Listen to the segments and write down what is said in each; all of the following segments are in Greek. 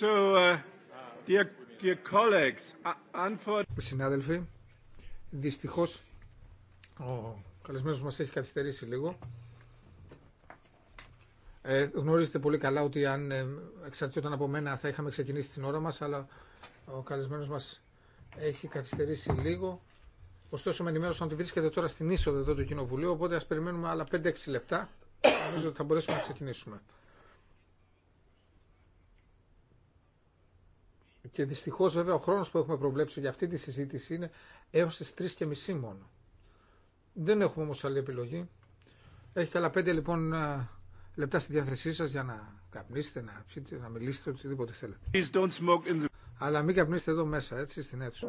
So, uh, uh, Συνάδελφοι, δυστυχώς ο καλεσμένος μας έχει καθυστερήσει λίγο. Ε, γνωρίζετε πολύ καλά ότι αν ε, εξαρτιόταν από μένα θα είχαμε ξεκινήσει την ώρα μας, αλλά ο καλεσμένος μας έχει καθυστερήσει λίγο. Ωστόσο, με ενημέρωσαν ότι βρίσκεται τώρα στην είσοδο εδώ του Κοινοβουλίου, οπότε ας περιμένουμε άλλα 5-6 λεπτά. Νομίζω ότι θα μπορέσουμε να ξεκινήσουμε. Και δυστυχώ βέβαια ο χρόνο που έχουμε προβλέψει για αυτή τη συζήτηση είναι έω τι μισή μόνο. Δεν έχουμε όμω άλλη επιλογή. Έχετε άλλα πέντε λοιπόν ε, λεπτά στη διάθεσή σα για να καπνίσετε, να πιείτε, να μιλήσετε, οτιδήποτε θέλετε. smoke in the... Αλλά μην καπνίσετε εδώ μέσα, έτσι, στην αίθουσα.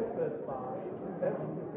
και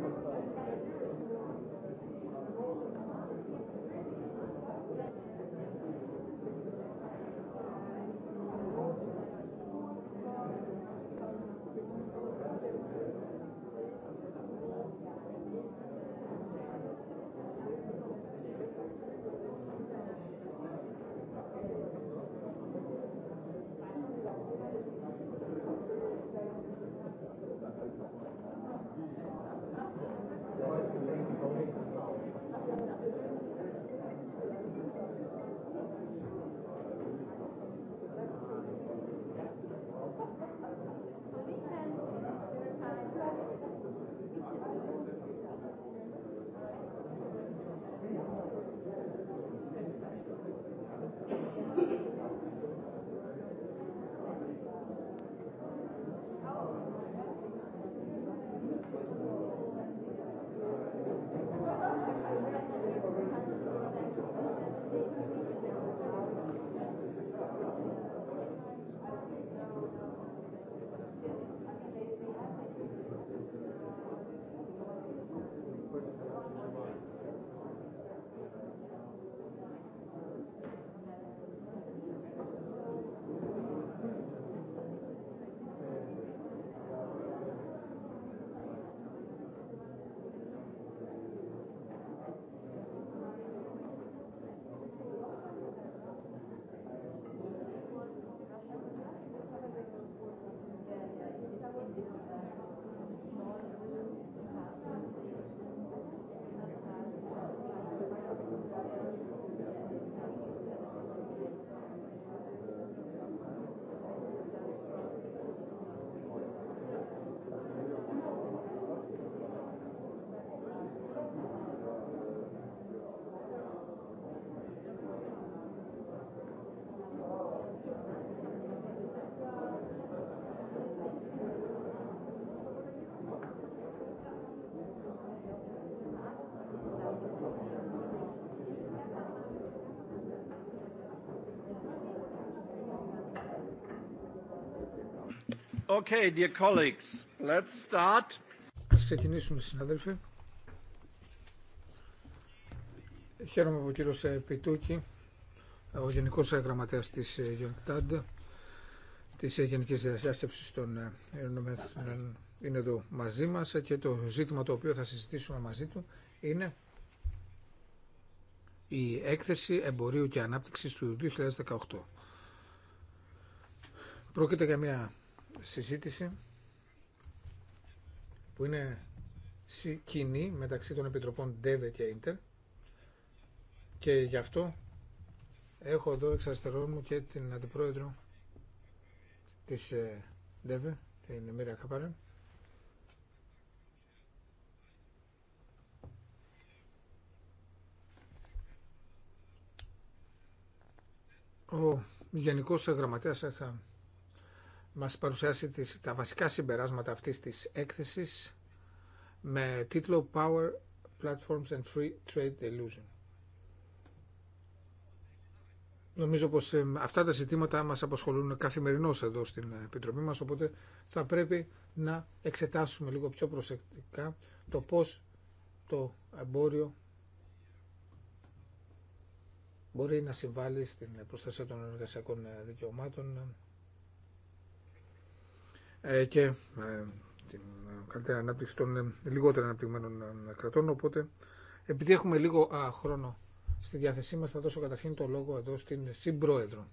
Okay, dear colleagues, let's start. Ας ξεκινήσουμε, συναδέλφοι. Χαίρομαι που ο κύριο ε, Πιτούκη, ο Γενικός ε, Γραμματέας της ε, ΓΕΝΚΤΑΝΤ, της Γενικής Διασκέψης των Ηνωμένων είναι εδώ μαζί μας και το ζήτημα το οποίο θα συζητήσουμε μαζί του είναι η έκθεση εμπορίου και ανάπτυξης του 2018. Πρόκειται για μια συζήτηση που είναι κοινή μεταξύ των Επιτροπών ΔΕΒΕ και ΙΝΤΕΡ και γι' αυτό έχω εδώ εξ μου και την Αντιπρόεδρο της ε, ΔΕΒΕ, την Μύρια Καπάρεν. Ο Γενικός Γραμματέας θα μας παρουσιάσει τις, τα βασικά συμπεράσματα αυτής της έκθεσης με τίτλο Power Platforms and Free Trade Illusion. Νομίζω πως αυτά τα ζητήματα μας απασχολούν καθημερινώς εδώ στην Επιτροπή μας, οπότε θα πρέπει να εξετάσουμε λίγο πιο προσεκτικά το πώς το εμπόριο μπορεί να συμβάλλει στην προστασία των εργασιακών δικαιωμάτων ε, και ε, την ε, καλύτερη ανάπτυξη των λιγότερο αναπτυγμένων κρατών. Οπότε, επειδή έχουμε λίγο χρόνο στη διάθεσή μας, θα δώσω καταρχήν το λόγο εδώ στην Συμπρόεδρο.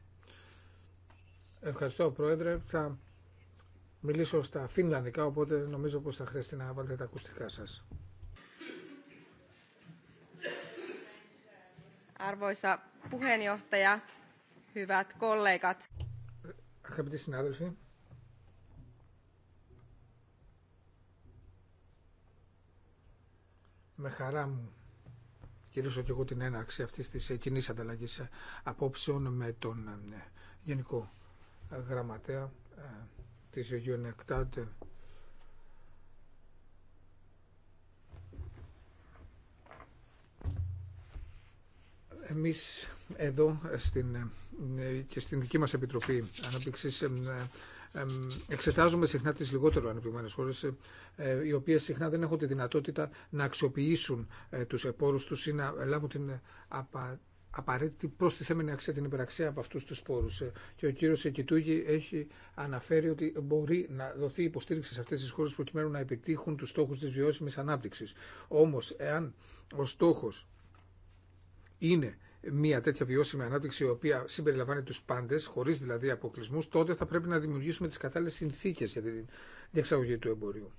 Ευχαριστώ, Πρόεδρε. Θα μιλήσω στα φινλανδικά, οπότε νομίζω πως θα χρειαστεί να βάλετε τα ακουστικά σας. Arvoisa puheenjohtaja, hyvät kollegat. Αγαπητοί συνάδελφοι, Με χαρά μου κυρίσω και εγώ την έναρξη αυτής της ε, κοινή ανταλλαγής ε, απόψεων με τον ε, Γενικό Γραμματέα της UNECTAD εμείς εδώ στην, και στην δική μας Επιτροπή Ανάπτυξης εξετάζουμε συχνά τις λιγότερο ανεπτυγμένες χώρες, ε, ε, οι οποίες συχνά δεν έχουν τη δυνατότητα να αξιοποιήσουν ε, τους επόρους τους ή να λάβουν την απαραίτητη προστιθέμενη αξία, την υπεραξία από αυτούς τους πόρους. Και ο κύριος Εκητούγη έχει αναφέρει ότι μπορεί να δοθεί υποστήριξη σε αυτές τις χώρες προκειμένου να επιτύχουν τους στόχους της βιώσιμης ανάπτυξης. Όμως, εάν ο στόχος είναι μια τέτοια βιώσιμη ανάπτυξη η οποία συμπεριλαμβάνει τους πάντες, χωρίς δηλαδή αποκλεισμού. τότε θα πρέπει να δημιουργήσουμε τις κατάλληλες συνθήκες για την διεξαγωγή του εμπορίου.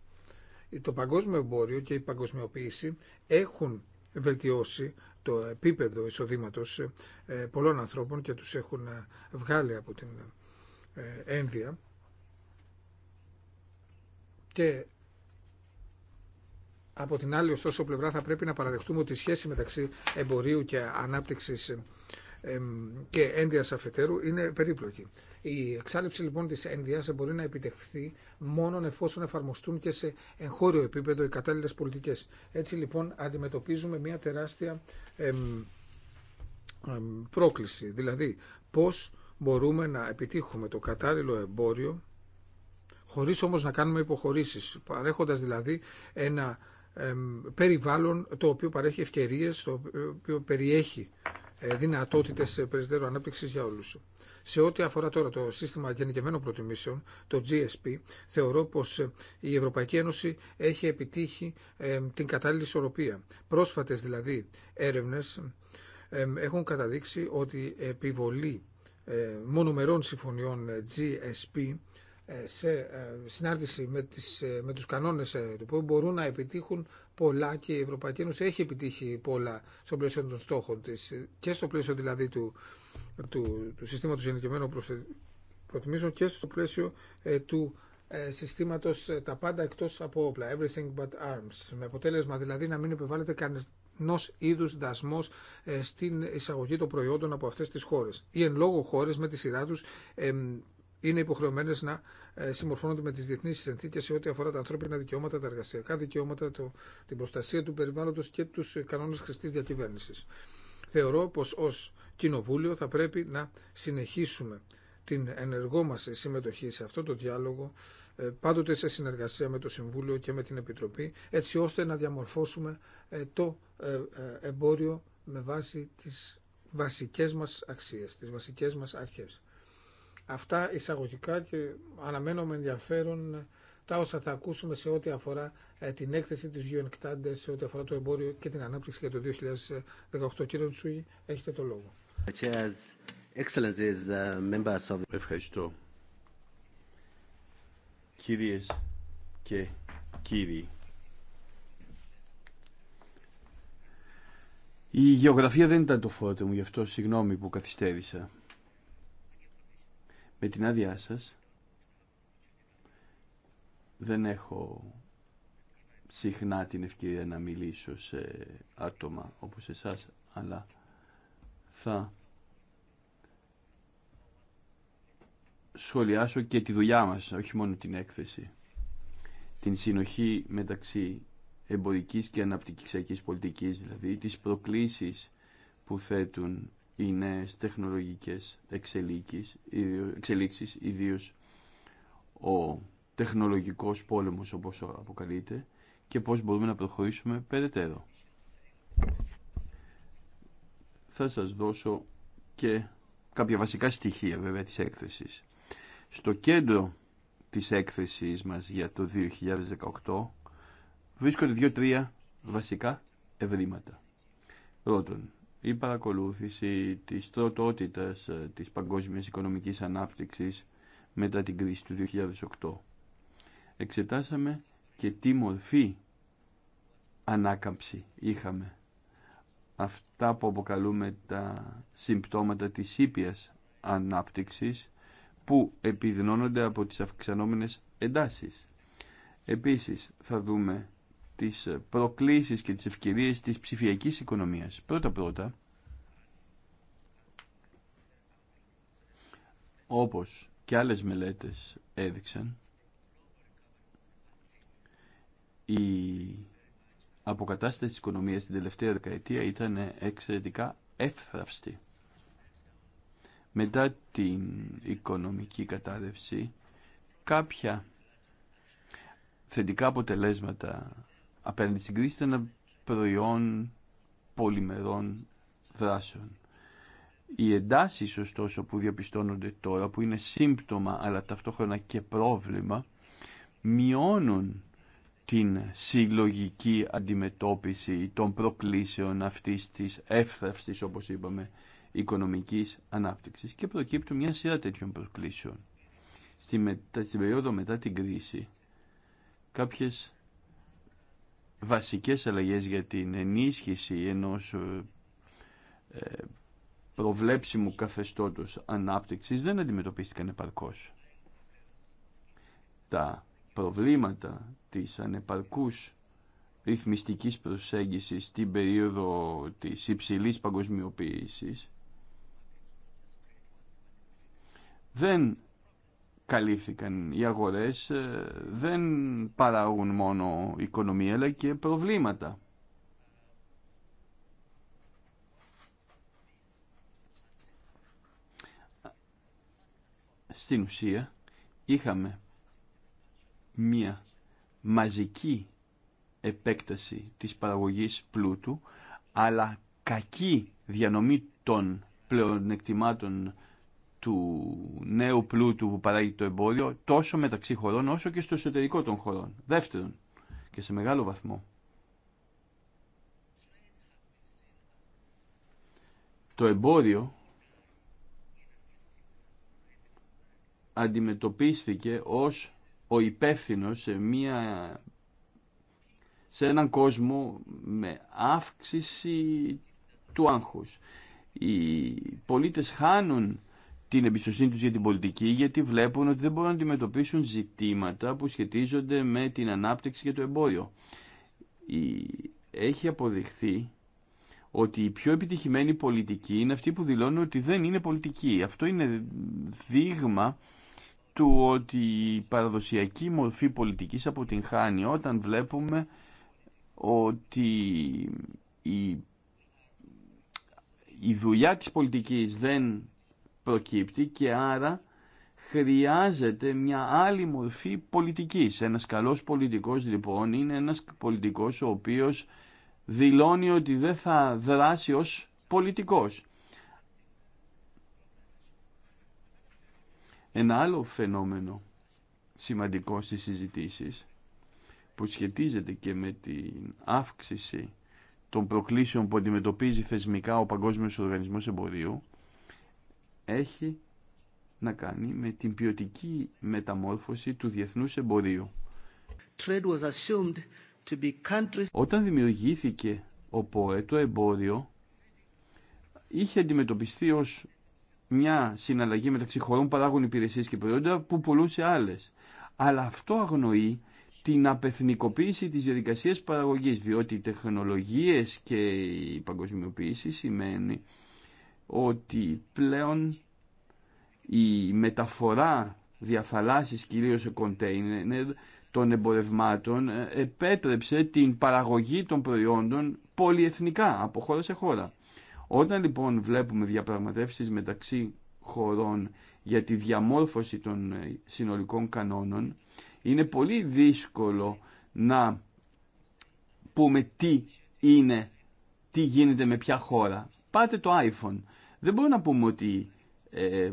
Το παγκόσμιο εμπόριο και η παγκοσμιοποίηση έχουν βελτιώσει το επίπεδο εισοδήματος ε, πολλών ανθρώπων και τους έχουν ε, βγάλει από την ε, ένδια και από την άλλη, ωστόσο, πλευρά θα πρέπει να παραδεχτούμε ότι η σχέση μεταξύ εμπορίου και ανάπτυξης και ένδυα αφετέρου είναι περίπλοκη. Η εξάλληψη λοιπόν της ένδυα μπορεί να επιτευχθεί μόνο εφόσον εφαρμοστούν και σε εγχώριο επίπεδο οι κατάλληλε πολιτικέ. Έτσι λοιπόν αντιμετωπίζουμε μια τεράστια εμ, πρόκληση. Δηλαδή πώ μπορούμε να επιτύχουμε το κατάλληλο εμπόριο χωρίς όμως να κάνουμε υποχωρήσεις, παρέχοντας δηλαδή ένα περιβάλλον το οποίο παρέχει ευκαιρίες, το οποίο περιέχει ε, δυνατότητες ε, περισσότερου ανάπτυξης για όλους. Σε ό,τι αφορά τώρα το σύστημα γενικευμένων προτιμήσεων, το GSP, θεωρώ πως ε, η Ευρωπαϊκή Ένωση έχει επιτύχει την κατάλληλη ισορροπία. Πρόσφατες δηλαδή έρευνες έχουν καταδείξει ότι επιβολή μονομερών συμφωνιών GSP ε, σε ε, συνάρτηση με, τις, ε, με τους κανόνες του ΠΟΕ μπορούν να επιτύχουν πολλά και η Ευρωπαϊκή Ένωση έχει επιτύχει πολλά στο πλαίσιο των στόχων της και στο πλαίσιο δηλαδή του, του, του συστήματος γενικευμένου προτιμήσεων και στο πλαίσιο του συστήματος τα πάντα εκτός από όπλα, everything but arms, με αποτέλεσμα δηλαδή να μην επιβάλλεται κανένα είδους είδου δασμό στην εισαγωγή των προϊόντων από αυτέ τι χώρε. Ή εν λόγω χώρε με τη σειρά του είναι υποχρεωμένε να ε, συμμορφώνονται με τις διεθνείς συνθήκες σε ό,τι αφορά τα ανθρώπινα δικαιώματα, τα εργασιακά δικαιώματα, το, την προστασία του περιβάλλοντος και του ε, κανόνε χρηστή διακυβέρνηση. Θεωρώ πω ω Κοινοβούλιο θα πρέπει να συνεχίσουμε την ενεργό μα συμμετοχή σε αυτό το διάλογο, ε, πάντοτε σε συνεργασία με το Συμβούλιο και με την Επιτροπή, έτσι ώστε να διαμορφώσουμε το εμπόριο με βάση τις βασικές μας αξίες, τις βασικές μας αρχές. Αυτά εισαγωγικά και αναμένω με ενδιαφέρον τα όσα θα ακούσουμε σε ό,τι αφορά ε, την έκθεση της UNCTAD, σε ό,τι αφορά το εμπόριο και την ανάπτυξη για το 2018. Κύριε Τσούι, έχετε το λόγο. Uh, Ευχαριστώ. Κυρίες και κύριοι, η γεωγραφία δεν ήταν το φώτι μου, γι' αυτό συγγνώμη που καθυστέρησα. Με την άδειά σας δεν έχω συχνά την ευκαιρία να μιλήσω σε άτομα όπως εσάς, αλλά θα σχολιάσω και τη δουλειά μας, όχι μόνο την έκθεση. Την συνοχή μεταξύ εμπορικής και αναπτυξιακής πολιτικής, δηλαδή τις προκλήσεις που θέτουν οι νέες τεχνολογικές εξελίξεις, ιδίως ο τεχνολογικός πόλεμος όπως αποκαλείται και πώς μπορούμε να προχωρήσουμε περαιτέρω. Θα σας δώσω και κάποια βασικά στοιχεία βέβαια της έκθεσης. Στο κέντρο της έκθεσης μας για το 2018 βρίσκονται δύο-τρία βασικά ευρήματα. Πρώτον, η παρακολούθηση της τροτότητας ε, της παγκόσμιας οικονομικής ανάπτυξης μετά την κρίση του 2008. Εξετάσαμε και τι μορφή ανάκαμψη είχαμε. Αυτά που αποκαλούμε τα συμπτώματα της ήπιας ανάπτυξης που επιδεινώνονται από τις αυξανόμενες εντάσεις. Επίσης θα δούμε τις ε, προκλήσεις και τις ευκαιρίες της ψηφιακής οικονομίας. Πρώτα-πρώτα, όπως και άλλες μελέτες έδειξαν, η αποκατάσταση της οικονομίας την τελευταία δεκαετία ήταν εξαιρετικά εύθραυστη. Μετά την οικονομική κατάρρευση, κάποια θετικά αποτελέσματα απέναντι στην κρίση ήταν προϊόν πολυμερών δράσεων. Οι εντάσει, ωστόσο που διαπιστώνονται τώρα, που είναι σύμπτωμα αλλά ταυτόχρονα και πρόβλημα, μειώνουν την συλλογική αντιμετώπιση των προκλήσεων αυτής της εύθραυστης, όπως είπαμε, οικονομικής ανάπτυξης και προκύπτουν μια σειρά τέτοιων προκλήσεων. Στη Στην περίοδο μετά την κρίση, κάποιες βασικές αλλαγές για την ενίσχυση ενός ε, ε, προβλέψιμου καθεστώτος ανάπτυξης δεν αντιμετωπίστηκαν επαρκώς. Τα προβλήματα της ανεπαρκούς ρυθμιστικής προσέγγισης στην περίοδο της υψηλής παγκοσμιοποίησης δεν οι αγορές ε, δεν παράγουν μόνο οικονομία αλλά και προβλήματα. Στην ουσία είχαμε μία μαζική επέκταση της παραγωγής πλούτου αλλά κακή διανομή των πλεονεκτημάτων του νέου πλούτου που παράγει το εμπόριο τόσο μεταξύ χωρών όσο και στο εσωτερικό των χωρών. Δεύτερον, και σε μεγάλο βαθμό, το εμπόριο αντιμετωπίστηκε ως ο υπεύθυνο σε μια σε έναν κόσμο με αύξηση του άγχους. Οι πολίτες χάνουν την εμπιστοσύνη τους για την πολιτική γιατί βλέπουν ότι δεν μπορούν να αντιμετωπίσουν ζητήματα που σχετίζονται με την ανάπτυξη και το εμπόριο. Έχει αποδειχθεί ότι η πιο επιτυχημένη πολιτική είναι αυτή που δηλώνει ότι δεν είναι πολιτική. Αυτό είναι δείγμα του ότι η παραδοσιακή μορφή πολιτικής αποτυγχάνει όταν βλέπουμε ότι η, δουλειά της πολιτικής δεν προκύπτει και άρα χρειάζεται μια άλλη μορφή πολιτικής. Ένας καλός πολιτικός λοιπόν είναι ένας πολιτικός ο οποίος δηλώνει ότι δεν θα δράσει ως πολιτικός. Ένα άλλο φαινόμενο σημαντικό στις συζητήσεις που σχετίζεται και με την αύξηση των προκλήσεων που αντιμετωπίζει θεσμικά ο Παγκόσμιος Οργανισμός Εμπορίου έχει να κάνει με την ποιοτική μεταμόρφωση του διεθνούς εμπορίου. Όταν δημιουργήθηκε ο ΠΟΕ, το εμπόριο είχε αντιμετωπιστεί ως μια συναλλαγή μεταξύ χωρών παράγουν υπηρεσίες και προϊόντα που πουλούν σε άλλες. Αλλά αυτό αγνοεί την απεθνικοποίηση της διαδικασίας παραγωγής, διότι οι τεχνολογίες και η παγκοσμιοποίηση σημαίνει ότι πλέον η μεταφορά διαθαλάσσης κυρίως σε κοντέινερ των εμπορευμάτων ε, επέτρεψε την παραγωγή των προϊόντων πολυεθνικά από χώρα σε χώρα. Όταν λοιπόν βλέπουμε διαπραγματεύσεις μεταξύ χωρών για τη διαμόρφωση των ε, συνολικών κανόνων είναι πολύ δύσκολο να πούμε τι είναι, τι γίνεται με ποια χώρα. Πάτε το iPhone. Δεν μπορούμε να πούμε ότι ε,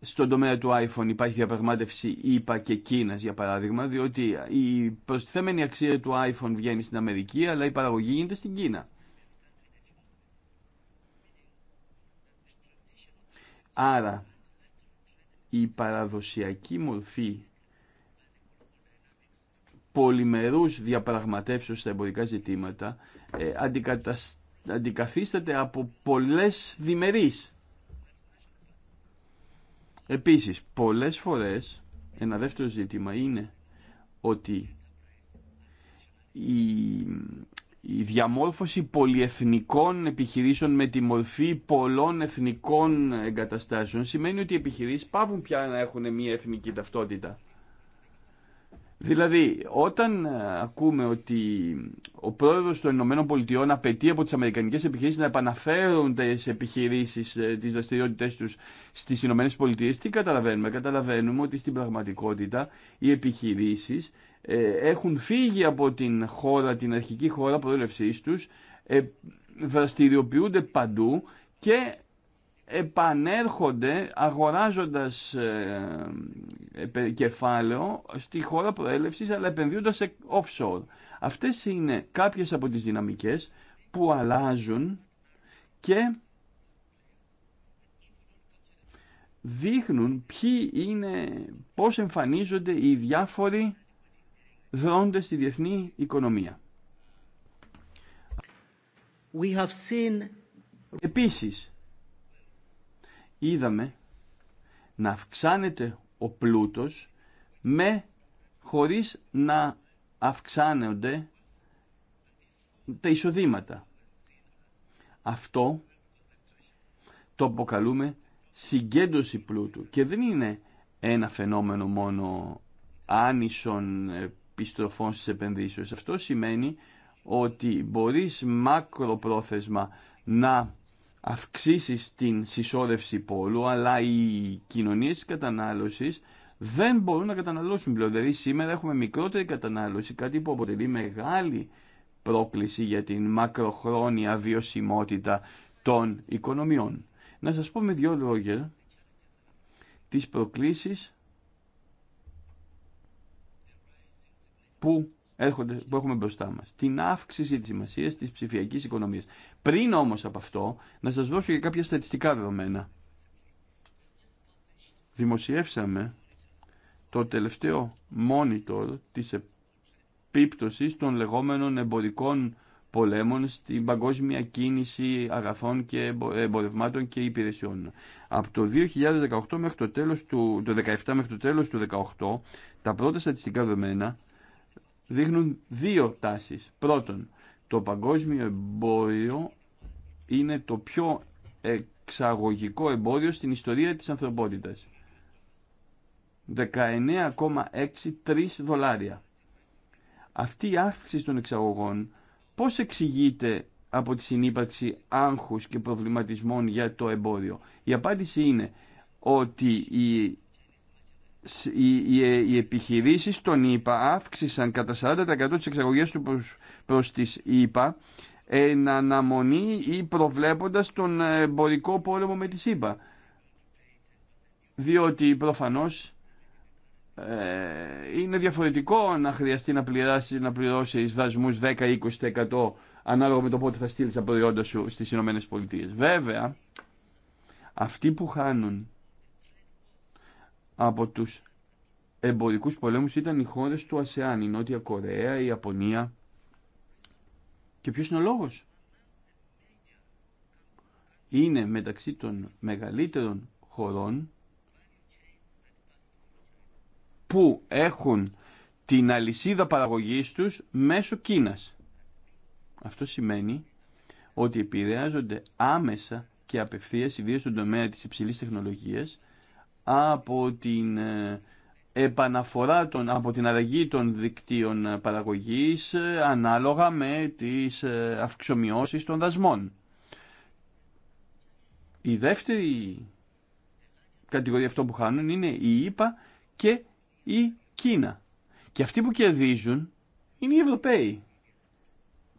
στον τομέα του iPhone υπάρχει διαπραγμάτευση ΙΠΑ και Κίνας για παράδειγμα, διότι η προστιθέμενη αξία του iPhone βγαίνει στην Αμερική, αλλά η παραγωγή γίνεται στην Κίνα. Άρα, η παραδοσιακή μορφή πολυμερούς διαπραγματεύσεως στα εμπορικά ζητήματα ε, αντικαθίσταται από πολλές διμερείς. Επίσης, πολλές φορές ένα δεύτερο ζήτημα είναι ότι η, η διαμόρφωση πολυεθνικών επιχειρήσεων με τη μορφή πολλών εθνικών εγκαταστάσεων σημαίνει ότι οι επιχειρήσεις πάβουν πια να έχουν μια εθνική ταυτότητα. Δηλαδή, όταν ε, ακούμε ότι ο πρόεδρος των Ηνωμένων Πολιτειών απαιτεί από τις αμερικανικές επιχειρήσεις να επαναφέρουν τις επιχειρήσεις, ε, τις δραστηριότητες τους στις Ηνωμένες Πολιτείες, τι καταλαβαίνουμε. Καταλαβαίνουμε ότι στην πραγματικότητα οι επιχειρήσεις ε, έχουν φύγει από την χώρα, την αρχική χώρα προέλευσής τους, δραστηριοποιούνται παντού και επανέρχονται αγοράζοντας ε, κεφάλαιο στη χώρα προέλευσης αλλά επενδύοντας σε offshore. Αυτές είναι κάποιες από τις δυναμικές που αλλάζουν και δείχνουν ποιοι είναι, πώς εμφανίζονται οι διάφοροι δρόντες στη διεθνή οικονομία. We have Επίσης, είδαμε να αυξάνεται ο πλούτος με χωρίς να αυξάνονται τα εισοδήματα. Αυτό το αποκαλούμε συγκέντρωση πλούτου και δεν είναι ένα φαινόμενο μόνο άνισων επιστροφών στις επενδύσεις. Αυτό σημαίνει ότι μπορείς μακροπρόθεσμα να αυξήσει την συσσόρευση πόλου, αλλά οι κοινωνίες κατανάλωσης δεν μπορούν να καταναλώσουν πλέον. Δηλαδή σήμερα έχουμε μικρότερη κατανάλωση, κάτι που αποτελεί μεγάλη πρόκληση για την μακροχρόνια βιωσιμότητα των οικονομιών. Να σας πω με δύο λόγια τις προκλήσεις που έρχονται, που έχουμε μπροστά μας. Την αύξηση της σημασία της ψηφιακής οικονομίας. Πριν όμως από αυτό, να σας δώσω και κάποια στατιστικά δεδομένα. Δημοσιεύσαμε το τελευταίο monitor της επίπτωσης των λεγόμενων εμπορικών πολέμων στην παγκόσμια κίνηση αγαθών και εμπορευμάτων και υπηρεσιών. Από το 2018 μέχρι το τέλος του, το 17 μέχρι το του τα πρώτα στατιστικά δεδομένα δείχνουν δύο τάσεις. Πρώτον, το παγκόσμιο εμπόριο είναι το πιο εξαγωγικό εμπόριο στην ιστορία της ανθρωπότητας. 19,63 δολάρια. Αυτή η αύξηση των εξαγωγών πώς εξηγείται από τη συνύπαρξη άγχους και προβληματισμών για το εμπόριο. Η απάντηση είναι ότι η οι επιχειρήσεις των ΙΠΑ αύξησαν κατά 40% τις εξαγωγές του προς, προς τις ΙΠΑ εν αναμονή ή προβλέποντας τον εμπορικό πόλεμο με τις ΙΠΑ. Διότι προφανώς ε, είναι διαφορετικό να χρειαστεί να, πληράσει, να πληρώσεις δασμούς 10-20% ανάλογα με το πότε θα στείλεις τα προϊόντα σου στις ΗΠΑ Βέβαια, αυτοί που χάνουν από τους εμπορικούς πολέμους ήταν οι χώρες του ΑΣΕΑΝ, η Νότια Κορέα, η Ιαπωνία. Και ποιος είναι ο λόγος. Είναι μεταξύ των μεγαλύτερων χωρών που έχουν την αλυσίδα παραγωγής τους μέσω Κίνας. Αυτό σημαίνει ότι επηρεάζονται άμεσα και απευθείας, ιδίως στον τομέα της υψηλής τεχνολογίας, από την ε, επαναφορά των, από την αλλαγή των δικτύων παραγωγής ε, ανάλογα με τις ε, αυξομοιώσεις των δασμών. Η δεύτερη κατηγορία αυτών που χάνουν είναι η ΙΠΑ και η Κίνα. Και αυτοί που κερδίζουν είναι οι Ευρωπαίοι.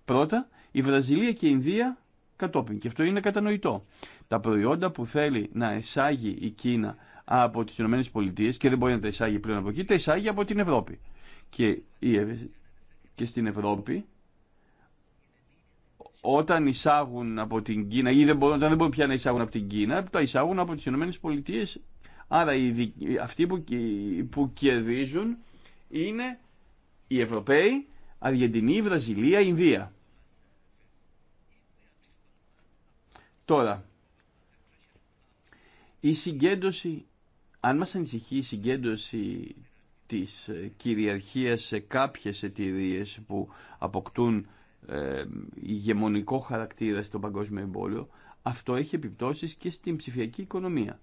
Πρώτα, η Βραζιλία και η Ινδία κατόπιν. Και αυτό είναι κατανοητό. Τα προϊόντα που θέλει να εισάγει η Κίνα από τις Πολιτείες και δεν μπορεί να τα εισάγει πλέον από εκεί, τα εισάγει από την Ευρώπη. Και, και στην Ευρώπη όταν εισάγουν από την Κίνα ή δεν μπορούν, όταν δεν μπορούν πια να εισάγουν από την Κίνα, τα εισάγουν από τις Ηνωμένες Πολιτείες. Άρα οι, αυτοί που, που κερδίζουν είναι οι Ευρωπαίοι, Αργεντινή, Βραζιλία, Ινδία. Τώρα, η συγκέντρωση αν μας ανησυχεί η συγκέντρωση της ε, κυριαρχίας σε κάποιες εταιρείε που αποκτούν ε, ηγεμονικό χαρακτήρα στο παγκόσμιο εμπόλιο, αυτό έχει επιπτώσεις και στην ψηφιακή οικονομία.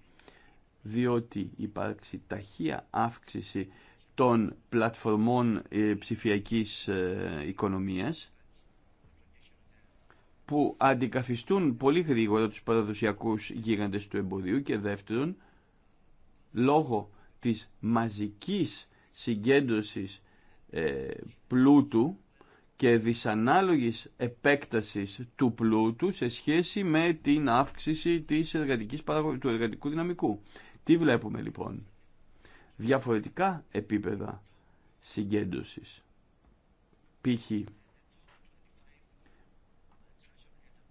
Διότι υπάρξει ταχεία αύξηση των πλατφορμών ε, ψηφιακής ε, οικονομίας που αντικαθιστούν πολύ γρήγορα τους παραδοσιακούς γίγαντες του εμπορίου και δεύτερον λόγω της μαζικής συγκέντρωσης ε, πλούτου και δυσανάλογης επέκτασης του πλούτου σε σχέση με την αύξηση της εργατικής, του εργατικού δυναμικού. Τι βλέπουμε λοιπόν. Διαφορετικά επίπεδα συγκέντρωσης. Π.χ.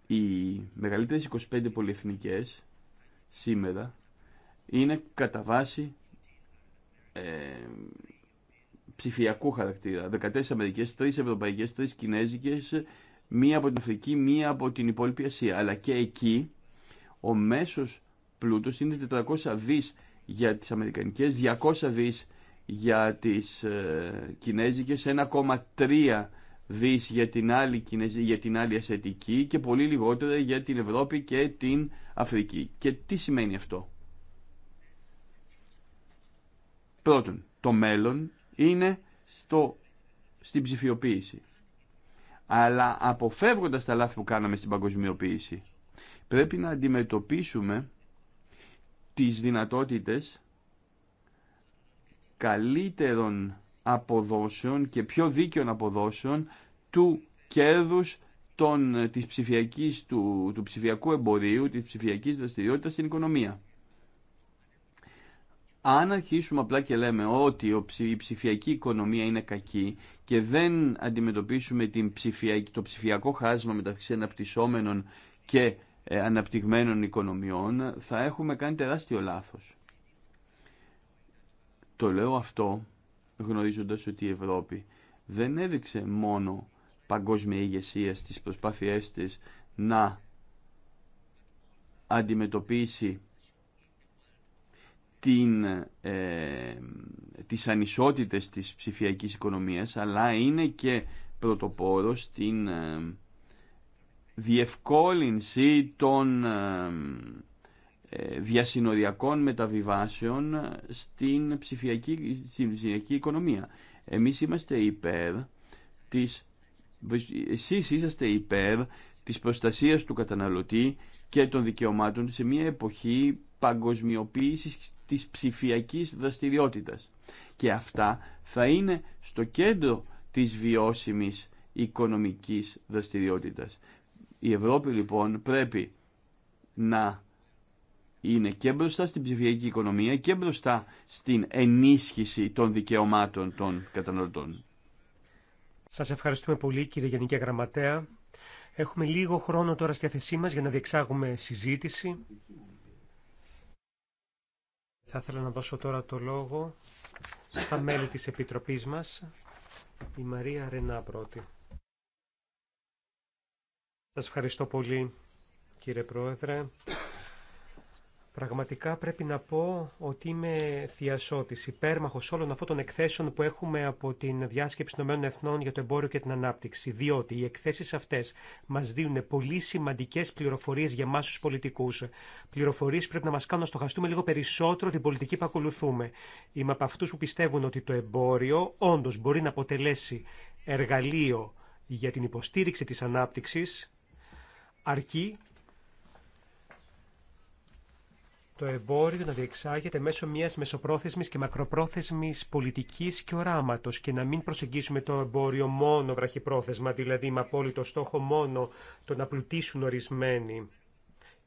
οι μεγαλύτερες 25 πολυεθνικές σήμερα είναι κατά βάση ε, ψηφιακού χαρακτήρα. 14 Αμερικέ, 3 ευρωπαϊκέ, 3 Κινέζικες, μία από την Αφρική, μία από την υπόλοιπη Ασία. Αλλά και εκεί ο μέσο πλούτο είναι 400 δι για τι αμερικανικέ, 200 δι για τι ε, Κινέζικες, 1,3 δις για την, άλλη Κινέζη, για την άλλη Ασιατική και πολύ λιγότερα για την Ευρώπη και την Αφρική. Και τι σημαίνει αυτό. Πρώτον, το μέλλον είναι στο, στην ψηφιοποίηση. Αλλά αποφεύγοντας τα λάθη που κάναμε στην παγκοσμιοποίηση, πρέπει να αντιμετωπίσουμε τις δυνατότητες καλύτερων αποδόσεων και πιο δίκαιων αποδόσεων του κέρδους των, της ψηφιακής, του, του ψηφιακού εμπορίου, της ψηφιακής δραστηριότητας στην οικονομία. Αν αρχίσουμε απλά και λέμε ότι η ψηφιακή οικονομία είναι κακή και δεν αντιμετωπίσουμε την ψηφιακή, το ψηφιακό χάσμα μεταξύ αναπτυσσόμενων και ε, αναπτυγμένων οικονομιών, θα έχουμε κάνει τεράστιο λάθος. Το λέω αυτό γνωρίζοντας ότι η Ευρώπη δεν έδειξε μόνο παγκόσμια ηγεσία στις προσπάθειές της να αντιμετωπίσει την, ε, τις ανισότητες της ψηφιακής οικονομίας, αλλά είναι και πρωτοπόρο στην ε, διευκόλυνση των ε, ε διασυνοριακών μεταβιβάσεων στην ψηφιακή, οικονομία. Εμείς είμαστε υπέρ της... Εσείς είσαστε υπέρ της προστασίας του καταναλωτή και των δικαιωμάτων σε μια εποχή παγκοσμιοποίησης της ψηφιακής δραστηριότητας. Και αυτά θα είναι στο κέντρο της βιώσιμης οικονομικής δραστηριότητας. Η Ευρώπη λοιπόν πρέπει να είναι και μπροστά στην ψηφιακή οικονομία και μπροστά στην ενίσχυση των δικαιωμάτων των καταναλωτών. Σας ευχαριστούμε πολύ κύριε Γενική Γραμματέα. Έχουμε λίγο χρόνο τώρα στη διάθεσή μας για να διεξάγουμε συζήτηση. Θα ήθελα να δώσω τώρα το λόγο στα μέλη της Επιτροπής μας, η Μαρία Ρενά πρώτη. Σας ευχαριστώ πολύ κύριε Πρόεδρε. Πραγματικά πρέπει να πω ότι είμαι θειασότης, υπέρμαχος όλων αυτών των εκθέσεων που έχουμε από την Διάσκεψη των Ηνωμένων Εθνών για το εμπόριο και την ανάπτυξη, διότι οι εκθέσεις αυτές μας δίνουν πολύ σημαντικές πληροφορίες για εμάς τους πολιτικούς. Πληροφορίες που πρέπει να μας κάνουν να στοχαστούμε λίγο περισσότερο την πολιτική που ακολουθούμε. Είμαι από αυτούς που πιστεύουν ότι το εμπόριο όντως μπορεί να αποτελέσει εργαλείο για την υποστήριξη της ανάπτυξης, αρκεί το εμπόριο να διεξάγεται μέσω μιας μεσοπρόθεσμη και μακροπρόθεσμης πολιτικής και οράματο και να μην προσεγγίσουμε το εμπόριο μόνο βραχυπρόθεσμα, δηλαδή με απόλυτο στόχο μόνο το να πλουτίσουν ορισμένοι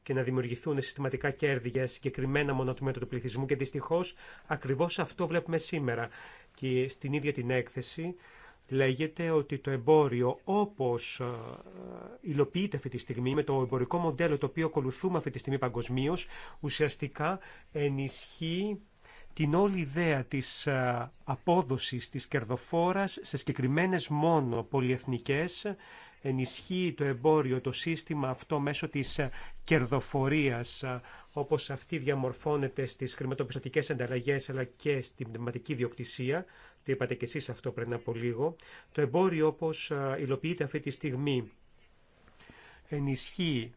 και να δημιουργηθούν συστηματικά κέρδη για συγκεκριμένα μονοτμήματα του πληθυσμού και δυστυχώ ακριβώ αυτό βλέπουμε σήμερα. Και στην ίδια την έκθεση λέγεται ότι το εμπόριο όπως ε, υλοποιείται αυτή τη στιγμή με το εμπορικό μοντέλο το οποίο ακολουθούμε αυτή τη στιγμή παγκοσμίω, ουσιαστικά ενισχύει την όλη ιδέα της ε, απόδοσης της κερδοφόρας σε συγκεκριμένες μόνο πολυεθνικές ενισχύει το εμπόριο, το σύστημα αυτό μέσω της ε, κερδοφορίας όπως αυτή διαμορφώνεται στις χρηματοπιστωτικές ανταλλαγές αλλά και στην πνευματική διοκτησία το είπατε και εσείς αυτό πριν από λίγο. Το εμπόριο όπως υλοποιείται αυτή τη στιγμή ενισχύει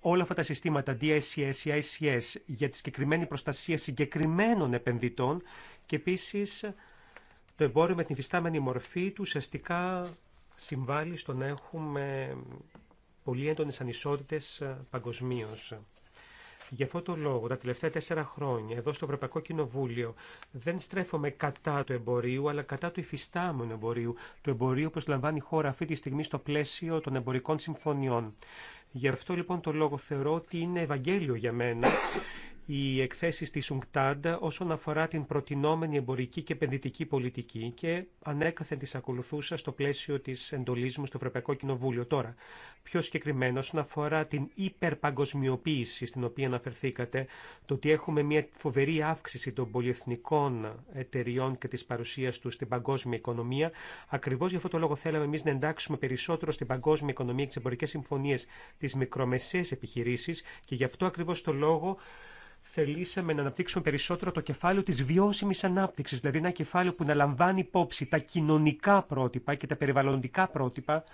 όλα αυτά τα συστήματα DSCS ή ICS για τη συγκεκριμένη προστασία συγκεκριμένων επενδυτών και επίσης το εμπόριο με την φυστάμενη μορφή του ουσιαστικά συμβάλλει στο να έχουμε πολύ έντονες ανισότητες παγκοσμίως. Γι' αυτό το λόγο, τα τελευταία τέσσερα χρόνια, εδώ στο Ευρωπαϊκό Κοινοβούλιο, δεν στρέφομαι κατά του εμπορίου, αλλά κατά του υφιστάμενου εμπορίου, του εμπορίου που λαμβάνει η χώρα αυτή τη στιγμή στο πλαίσιο των εμπορικών συμφωνιών. Γι' αυτό λοιπόν το λόγο θεωρώ ότι είναι Ευαγγέλιο για μένα οι εκθέσεις της UNCTAD όσον αφορά την προτινόμενη εμπορική και επενδυτική πολιτική και ανέκαθεν τις ακολουθούσα στο πλαίσιο της εντολής μου στο Ευρωπαϊκό Κοινοβούλιο. Τώρα, πιο συγκεκριμένα όσον αφορά την υπερπαγκοσμιοποίηση στην οποία αναφερθήκατε, το ότι έχουμε μια φοβερή αύξηση των πολυεθνικών εταιριών και της παρουσίας τους στην παγκόσμια οικονομία, ακριβώς για αυτό το λόγο θέλαμε εμείς να εντάξουμε περισσότερο στην παγκόσμια οικονομία και τις εμπορικές συμφωνίες τις μικρομεσαίες επιχειρήσεις και γι' αυτό ακριβώς το λόγο θελήσαμε να αναπτύξουμε περισσότερο το κεφάλαιο της βιώσιμης ανάπτυξης, δηλαδή ένα κεφάλαιο που να λαμβάνει υπόψη τα κοινωνικά πρότυπα και τα περιβαλλοντικά πρότυπα,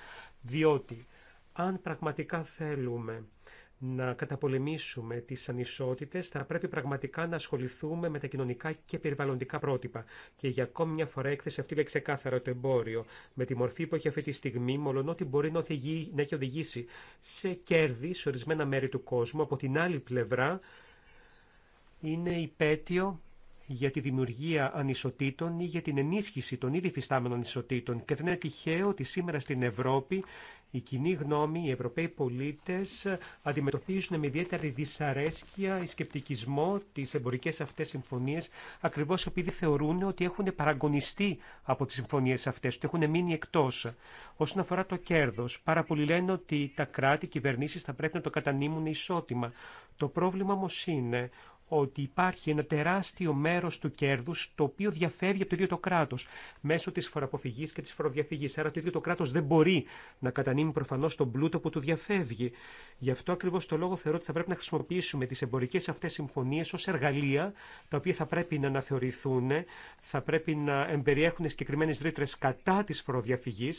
διότι αν πραγματικά θέλουμε να καταπολεμήσουμε τις ανισότητες, θα πρέπει πραγματικά να ασχοληθούμε με τα κοινωνικά και περιβαλλοντικά πρότυπα. Και για ακόμη μια φορά έκθεσε αυτή λέξη ξεκάθαρα το εμπόριο, με τη μορφή που έχει αυτή τη στιγμή, μολονότι μπορεί να έχει οδηγήσει σε κέρδη σε ορισμένα μέρη του κόσμου, από την άλλη πλευρά είναι υπέτειο για τη δημιουργία ανισοτήτων ή για την ενίσχυση των ήδη φυστάμενων ανισοτήτων και δεν είναι τυχαίο ότι σήμερα στην Ευρώπη οι κοινοί γνώμη, οι Ευρωπαίοι πολίτες αντιμετωπίζουν με ιδιαίτερη δυσαρέσκεια ή σκεπτικισμό τις εμπορικές αυτές συμφωνίες ακριβώς επειδή θεωρούν ότι έχουν παραγωνιστεί από τις συμφωνίες αυτές, ότι έχουν μείνει εκτός. Όσον αφορά το κέρδος, πάρα πολλοί λένε ότι τα κράτη, οι κυβερνήσεις θα πρέπει να το κατανείμουν ισότιμα. Το πρόβλημα όμω είναι ότι υπάρχει ένα τεράστιο μέρος του κέρδους το οποίο διαφεύγει από το ίδιο το κράτος μέσω της φοροαποφυγής και της φοροδιαφυγής. Άρα το ίδιο το κράτος δεν μπορεί να κατανείμει προφανώς τον πλούτο που του διαφεύγει. Γι' αυτό ακριβώς το λόγο θεωρώ ότι θα πρέπει να χρησιμοποιήσουμε τις εμπορικές αυτές συμφωνίες ως εργαλεία τα οποία θα πρέπει να αναθεωρηθούν, θα πρέπει να εμπεριέχουν συγκεκριμένε ρήτρε κατά τη φοροδιαφυγή,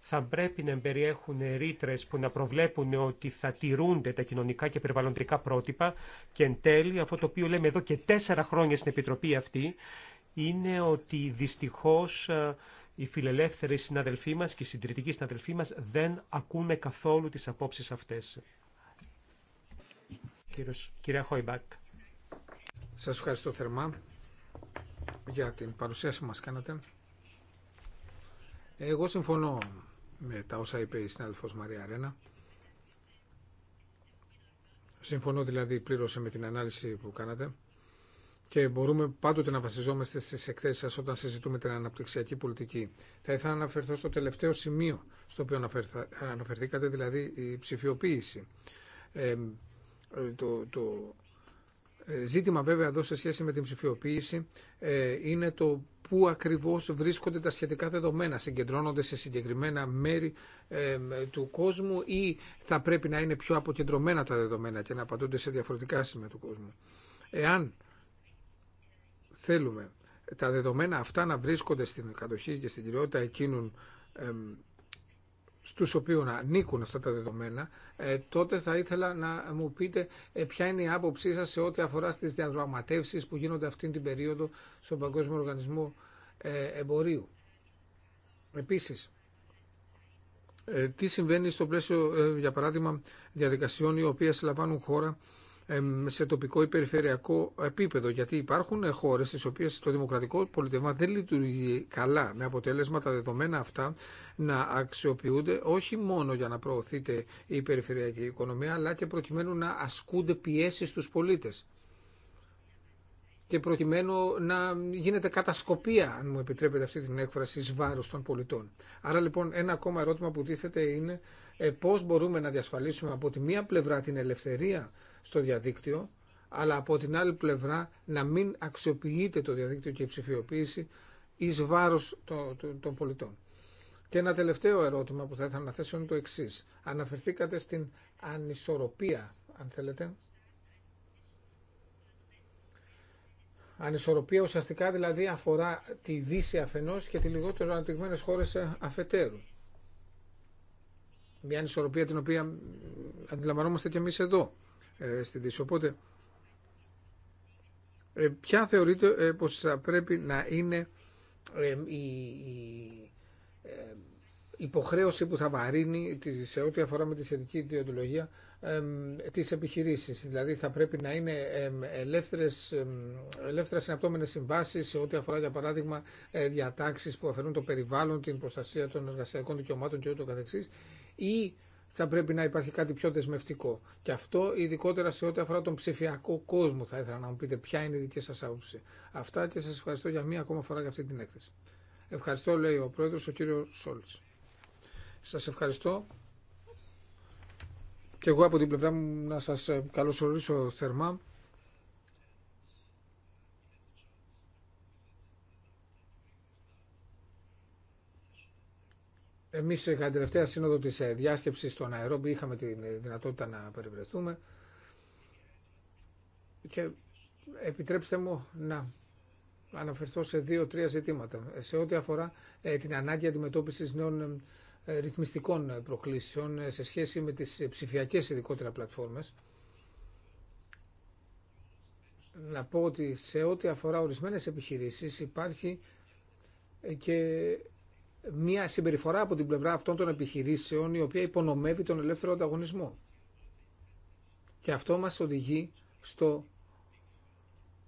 θα πρέπει να εμπεριέχουν ρήτρε που να προβλέπουν ότι θα τηρούνται τα κοινωνικά και περιβαλλοντικά πρότυπα και εν τέλει αυτό το οποίο λέμε εδώ και τέσσερα χρόνια στην Επιτροπή αυτή είναι ότι δυστυχώς ε, οι φιλελεύθεροι συναδελφοί μας και οι συντηρητικοί συναδελφοί μας δεν ακούνε καθόλου τις απόψεις αυτές. Κύριος, κυρία Χόιμπακ. Σας ευχαριστώ θερμά για την παρουσίαση που μας κάνατε. Εγώ συμφωνώ με τα όσα είπε η συνάδελφος Μαρία Αρένα. Συμφωνώ δηλαδή πλήρω με την ανάλυση που κάνατε και μπορούμε πάντοτε να βασιζόμαστε στι εκθέσει σα όταν συζητούμε την αναπτυξιακή πολιτική. Θα ήθελα να αναφερθώ στο τελευταίο σημείο στο οποίο αναφερθήκατε, δηλαδή η ψηφιοποίηση. Ε, το, το ε, ζήτημα βέβαια εδώ σε σχέση με την ψηφιοποίηση ε, είναι το πού ακριβώς βρίσκονται τα σχετικά δεδομένα, συγκεντρώνονται σε συγκεκριμένα μέρη του κόσμου ή θα πρέπει να είναι πιο αποκεντρωμένα τα δεδομένα και να απαντούνται σε διαφορετικά σημεία του κόσμου. Εάν θέλουμε τα δεδομένα αυτά να βρίσκονται στην κατοχή και στην κυριότητα εκείνων στους οποίους ανήκουν αυτά τα δεδομένα, ε, τότε θα ήθελα να μου πείτε ε, ποια είναι η άποψή σας σε ό,τι αφορά στις διαδραματεύσεις που γίνονται αυτήν την περίοδο στον Παγκόσμιο Οργανισμό ε, Εμπορίου. Επίσης, τι συμβαίνει στο πλαίσιο, για παράδειγμα, διαδικασιών οι οποίες λαμβάνουν χώρα σε τοπικό ή περιφερειακό επίπεδο. Γιατί υπάρχουν χώρε στι οποίε το δημοκρατικό πολιτεύμα δεν λειτουργεί καλά, με αποτέλεσμα τα δεδομένα αυτά να αξιοποιούνται όχι μόνο για να προωθείται η περιφερειακή οικονομία, αλλά και προκειμένου να ασκούνται πιέσει στου πολίτε. Και προκειμένου να γίνεται κατασκοπία, αν μου επιτρέπετε αυτή την έκφραση, ει βάρο των πολιτών. Άρα λοιπόν ένα ακόμα ερώτημα που τίθεται είναι ε, πώς μπορούμε να διασφαλίσουμε από τη μία πλευρά την ελευθερία στο διαδίκτυο, αλλά από την άλλη πλευρά να μην αξιοποιείται το διαδίκτυο και η ψηφιοποίηση ει βάρο των πολιτών. Και ένα τελευταίο ερώτημα που θα ήθελα να θέσω είναι το εξή. Αναφερθήκατε στην ανισορροπία, αν θέλετε. Ανισορροπία ουσιαστικά δηλαδή αφορά τη Δύση αφενός και τη λιγότερο αναπτυγμένες χώρες αφετέρου. Μια ανισορροπία την οποία αντιλαμβανόμαστε και εμείς εδώ. Ε, στην Δύση. Οπότε, ε, ποια θεωρείτε ε, πως θα πρέπει να είναι η υποχρέωση που θα βαρύνει σε ό,τι αφορά με τη σχετική ε, τις επιχειρήσεις. Δηλαδή θα πρέπει να είναι ελεύθερες, ελεύθερα συναπτώμενες συμβάσεις σε ό,τι αφορά για παράδειγμα διατάξεις που αφαιρούν το περιβάλλον, την προστασία των εργασιακών δικαιωμάτων και ούτω καθεξής ή θα πρέπει να υπάρχει κάτι πιο δεσμευτικό. Και αυτό ειδικότερα σε ό,τι αφορά τον ψηφιακό κόσμο θα ήθελα να μου πείτε ποια είναι η δική σα άποψη. Αυτά και σα ευχαριστώ για μία ακόμα φορά για αυτή την έκθεση. Ευχαριστώ λέει ο πρόεδρος ο κύριο Σόλτ. Σας ευχαριστώ. Και εγώ από την πλευρά μου να σας καλωσορίσω θερμά. Εμείς κατά την τελευταία σύνοδο της ε, διάσκεψης στον Αερόμπι, είχαμε τη δυνατότητα να περιβρεθούμε και επιτρέψτε μου να αναφερθώ σε δύο-τρία ζητήματα. Σε ό,τι αφορά ε, την ανάγκη αντιμετώπισης νέων ε, ρυθμιστικών προκλήσεων σε σχέση με τις ψηφιακές ειδικότερα πλατφόρμες, να πω ότι σε ό,τι αφορά ορισμένες επιχειρήσεις υπάρχει και μια συμπεριφορά από την πλευρά αυτών των επιχειρήσεων η οποία υπονομεύει τον ελεύθερο ανταγωνισμό. Και αυτό μας οδηγεί στο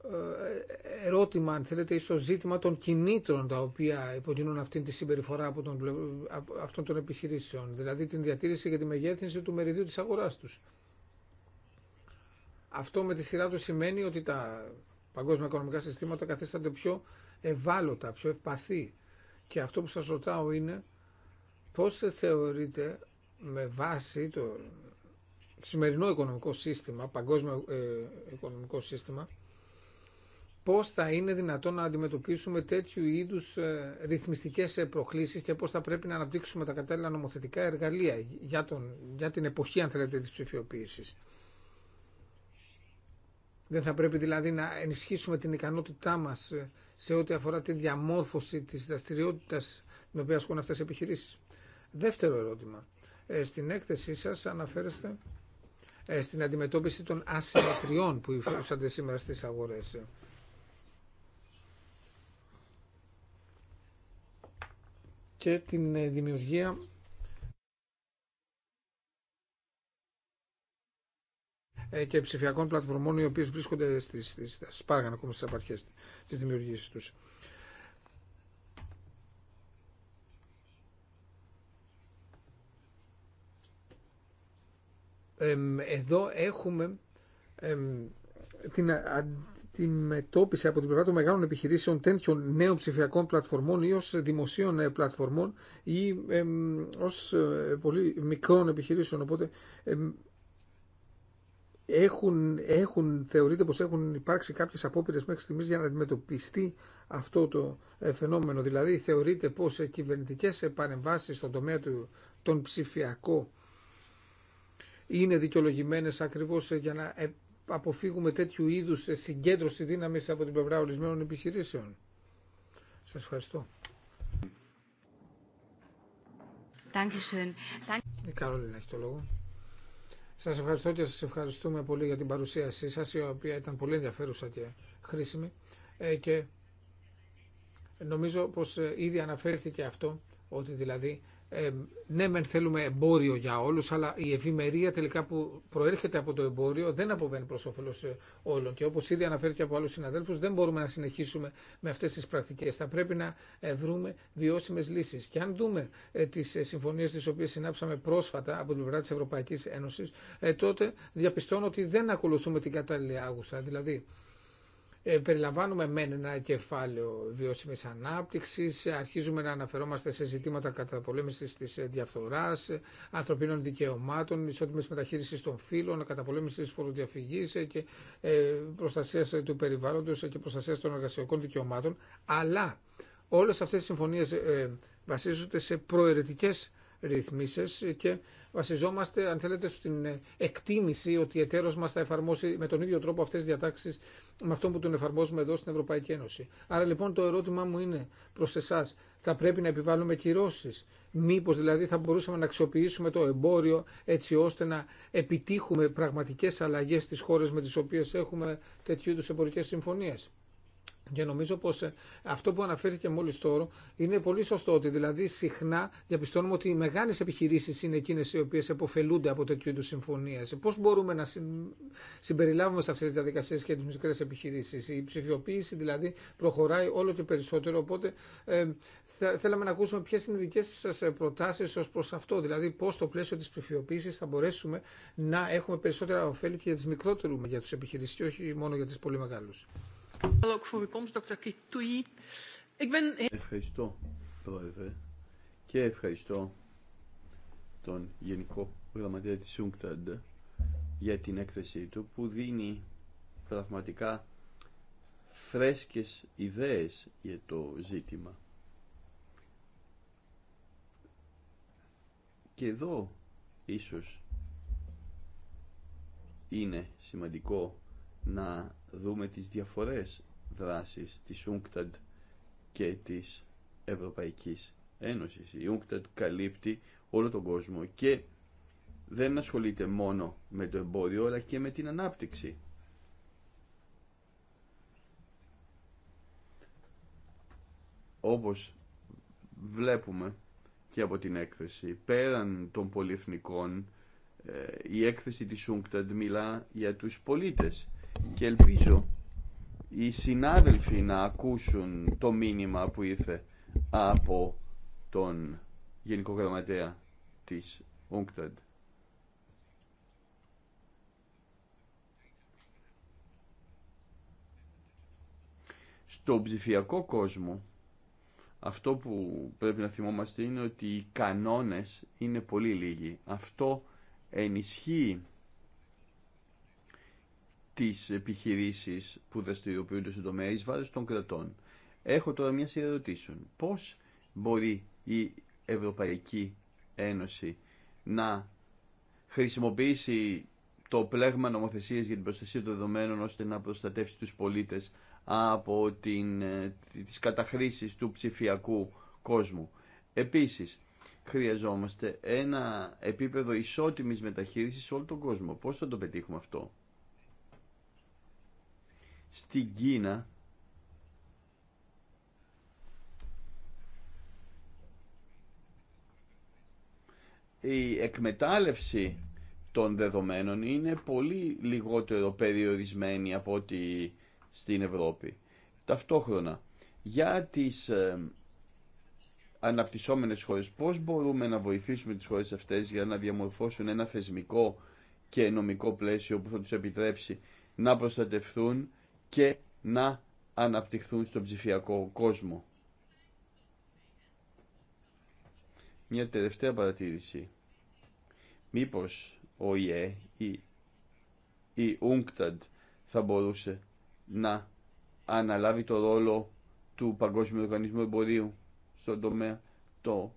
ε, ερώτημα, αν θέλετε, στο ζήτημα των κινήτρων τα οποία υποτείνουν αυτή τη συμπεριφορά από τον, αυτών των επιχειρήσεων, δηλαδή την διατήρηση και τη μεγέθυνση του μεριδίου της αγοράς τους. Αυτό με τη σειρά του σημαίνει ότι τα παγκόσμια οικονομικά συστήματα καθίστανται πιο ευάλωτα, πιο ευπαθή και αυτό που σας ρωτάω είναι πώς θεωρείτε με βάση το σημερινό οικονομικό σύστημα, παγκόσμιο ε, οικονομικό σύστημα, πώς θα είναι δυνατόν να αντιμετωπίσουμε τέτοιου είδους ε, ρυθμιστικές ε, προκλήσεις και πώς θα πρέπει να αναπτύξουμε τα κατάλληλα νομοθετικά εργαλεία για, τον, για την εποχή, αν θέλετε, της ψηφιοποίησης. Δεν θα πρέπει δηλαδή να ενισχύσουμε την ικανότητά μας σε ό,τι αφορά τη διαμόρφωση της δραστηριότητας την οποία ασκούν αυτές οι επιχειρήσεις. Δεύτερο ερώτημα. Ε, στην έκθεσή σας αναφέρεστε ε, στην αντιμετώπιση των ασυμμετριών που υφίστανται σήμερα στις αγορές. και την ε, δημιουργία Ε, και ψηφιακών πλατφορμών οι οποίε βρίσκονται στις, στις, σπάγαν ακόμα στι απαρχέ τη δημιουργήση του. Εδώ έχουμε την αντιμετώπιση από την πλευρά των μεγάλων επιχειρήσεων τέτοιων νέων ψηφιακών πλατφορμών ή ως δημοσίων ε, πλατφορμών ή ως ε, πολύ μικρών επιχειρήσεων. Οπότε έχουν, έχουν, θεωρείται πως έχουν υπάρξει κάποιες απόπειρες μέχρι στιγμής για να αντιμετωπιστεί αυτό το ε, φαινόμενο. Δηλαδή θεωρείται πως κυβερνητικές επανεμβάσεις στον τομέα του, τον ψηφιακό είναι δικαιολογημένε ακριβώς για να ε, αποφύγουμε τέτοιου είδους ε, συγκέντρωση δύναμης από την πλευρά ορισμένων επιχειρήσεων. Σας ευχαριστώ. το λόγο. Σας ευχαριστώ και σας ευχαριστούμε πολύ για την παρουσίασή σας, η οποία ήταν πολύ ενδιαφέρουσα και χρήσιμη. Ε, και νομίζω πως ε, ήδη αναφέρθηκε αυτό, ότι δηλαδή ε, ναι μεν θέλουμε εμπόριο για όλου, αλλά η ευημερία τελικά που προέρχεται από το εμπόριο δεν αποβαίνει προ όφελο ε, όλων και όπω ήδη αναφέρθηκε από άλλου συναδέλφου, δεν μπορούμε να συνεχίσουμε με αυτέ τι πρακτικέ. θα πρέπει να ε, βρούμε βιώσιμε λύσει. και αν δούμε ε, τις ε, συμφωνίες τις οποίες συνάψαμε πρόσφατα από την πλευρά τη Ευρωπαϊκή Ένωση, ε, τότε διαπιστώνω ότι δεν ακολουθούμε την κατάλληλη άγουσα δηλαδή ε, περιλαμβάνουμε μεν ένα κεφάλαιο βιώσιμη ανάπτυξη, αρχίζουμε να αναφερόμαστε σε ζητήματα καταπολέμηση τη διαφθορά, ανθρωπίνων δικαιωμάτων, ισότιμη μεταχείριση των φύλων, καταπολέμηση τη φοροδιαφυγή και ε, προστασία του περιβάλλοντο και προστασία των εργασιακών δικαιωμάτων. Αλλά όλε αυτέ οι συμφωνίε ε, βασίζονται σε προαιρετικές ρυθμίσεις και βασιζόμαστε, αν θέλετε, στην εκτίμηση ότι η εταίρος μας θα εφαρμόσει με τον ίδιο τρόπο αυτές τις διατάξεις με αυτό που τον εφαρμόζουμε εδώ στην Ευρωπαϊκή Ένωση. Άρα λοιπόν το ερώτημά μου είναι προς εσάς, θα πρέπει να επιβάλλουμε κυρώσεις. Μήπως δηλαδή θα μπορούσαμε να αξιοποιήσουμε το εμπόριο έτσι ώστε να επιτύχουμε πραγματικές αλλαγές στις χώρες με τις οποίες έχουμε τέτοιου είδους εμπορικές συμφωνίες. Και νομίζω πω ε, αυτό που αναφέρθηκε μόλι τώρα είναι πολύ σωστό ότι δηλαδή συχνά διαπιστώνουμε ότι οι μεγάλε επιχειρήσει είναι εκείνε οι οποίε επωφελούνται από τέτοιου είδου συμφωνίε. Πώ μπορούμε να συμπεριλάβουμε σε αυτέ τι διαδικασίε και τι μικρέ επιχειρήσει. Η ψηφιοποίηση δηλαδή προχωράει όλο και περισσότερο. Οπότε ε, θέλαμε να ακούσουμε ποιε είναι οι δικέ σα προτάσει ω προ αυτό. Δηλαδή πώ στο πλαίσιο τη ψηφιοποίηση θα μπορέσουμε να έχουμε περισσότερα ωφέλη και για τι μικρότερου, για του επιχειρήσει και όχι μόνο για τι πολύ μεγάλου. Ευχαριστώ, Πρόεδρε, και ευχαριστώ τον Γενικό Γραμματέα της UNCTAD για την έκθεσή του που δίνει πραγματικά φρέσκες ιδέες για το ζήτημα. Και εδώ ίσως είναι σημαντικό να δούμε τις διαφορές δράσεις της UNCTAD και της Ευρωπαϊκής Ένωσης. Η UNCTAD καλύπτει όλο τον κόσμο και δεν ασχολείται μόνο με το εμπόριο αλλά και με την ανάπτυξη. Όπως βλέπουμε και από την έκθεση, πέραν των πολυεθνικών ε, η έκθεση της UNCTAD μιλά για τους πολίτες και ελπίζω οι συνάδελφοι να ακούσουν το μήνυμα που ήρθε από τον Γενικό Γραμματέα της UNCTAD. Στον ψηφιακό κόσμο αυτό που πρέπει να θυμόμαστε είναι ότι οι κανόνες είναι πολύ λίγοι. Αυτό ενισχύει τις επιχειρήσεις που δραστηριοποιούνται στον τομέα εις βάρος των κρατών. Έχω τώρα μια σειρά ερωτήσεων. Πώς μπορεί η Ευρωπαϊκή Ένωση να χρησιμοποιήσει το πλέγμα νομοθεσίας για την προστασία των δεδομένων ώστε να προστατεύσει τους πολίτες από την, ε, τις καταχρήσεις του ψηφιακού κόσμου. Επίσης, χρειαζόμαστε ένα επίπεδο ισότιμης μεταχείρισης σε όλο τον κόσμο. Πώς θα το πετύχουμε αυτό στην Κίνα η εκμετάλλευση των δεδομένων είναι πολύ λιγότερο περιορισμένη από ό,τι στην Ευρώπη. Ταυτόχρονα, για τις ε, αναπτυσσόμενες χώρες, πώς μπορούμε να βοηθήσουμε τις χώρες αυτές για να διαμορφώσουν ένα θεσμικό και νομικό πλαίσιο που θα τους επιτρέψει να προστατευθούν και να αναπτυχθούν στον ψηφιακό κόσμο. Μια τελευταία παρατήρηση. Μήπως ο ΙΕ ή η UNCTAD θα μπορούσε να αναλάβει το ρόλο του Παγκόσμιου Οργανισμού Εμπορίου στον τομέα, το,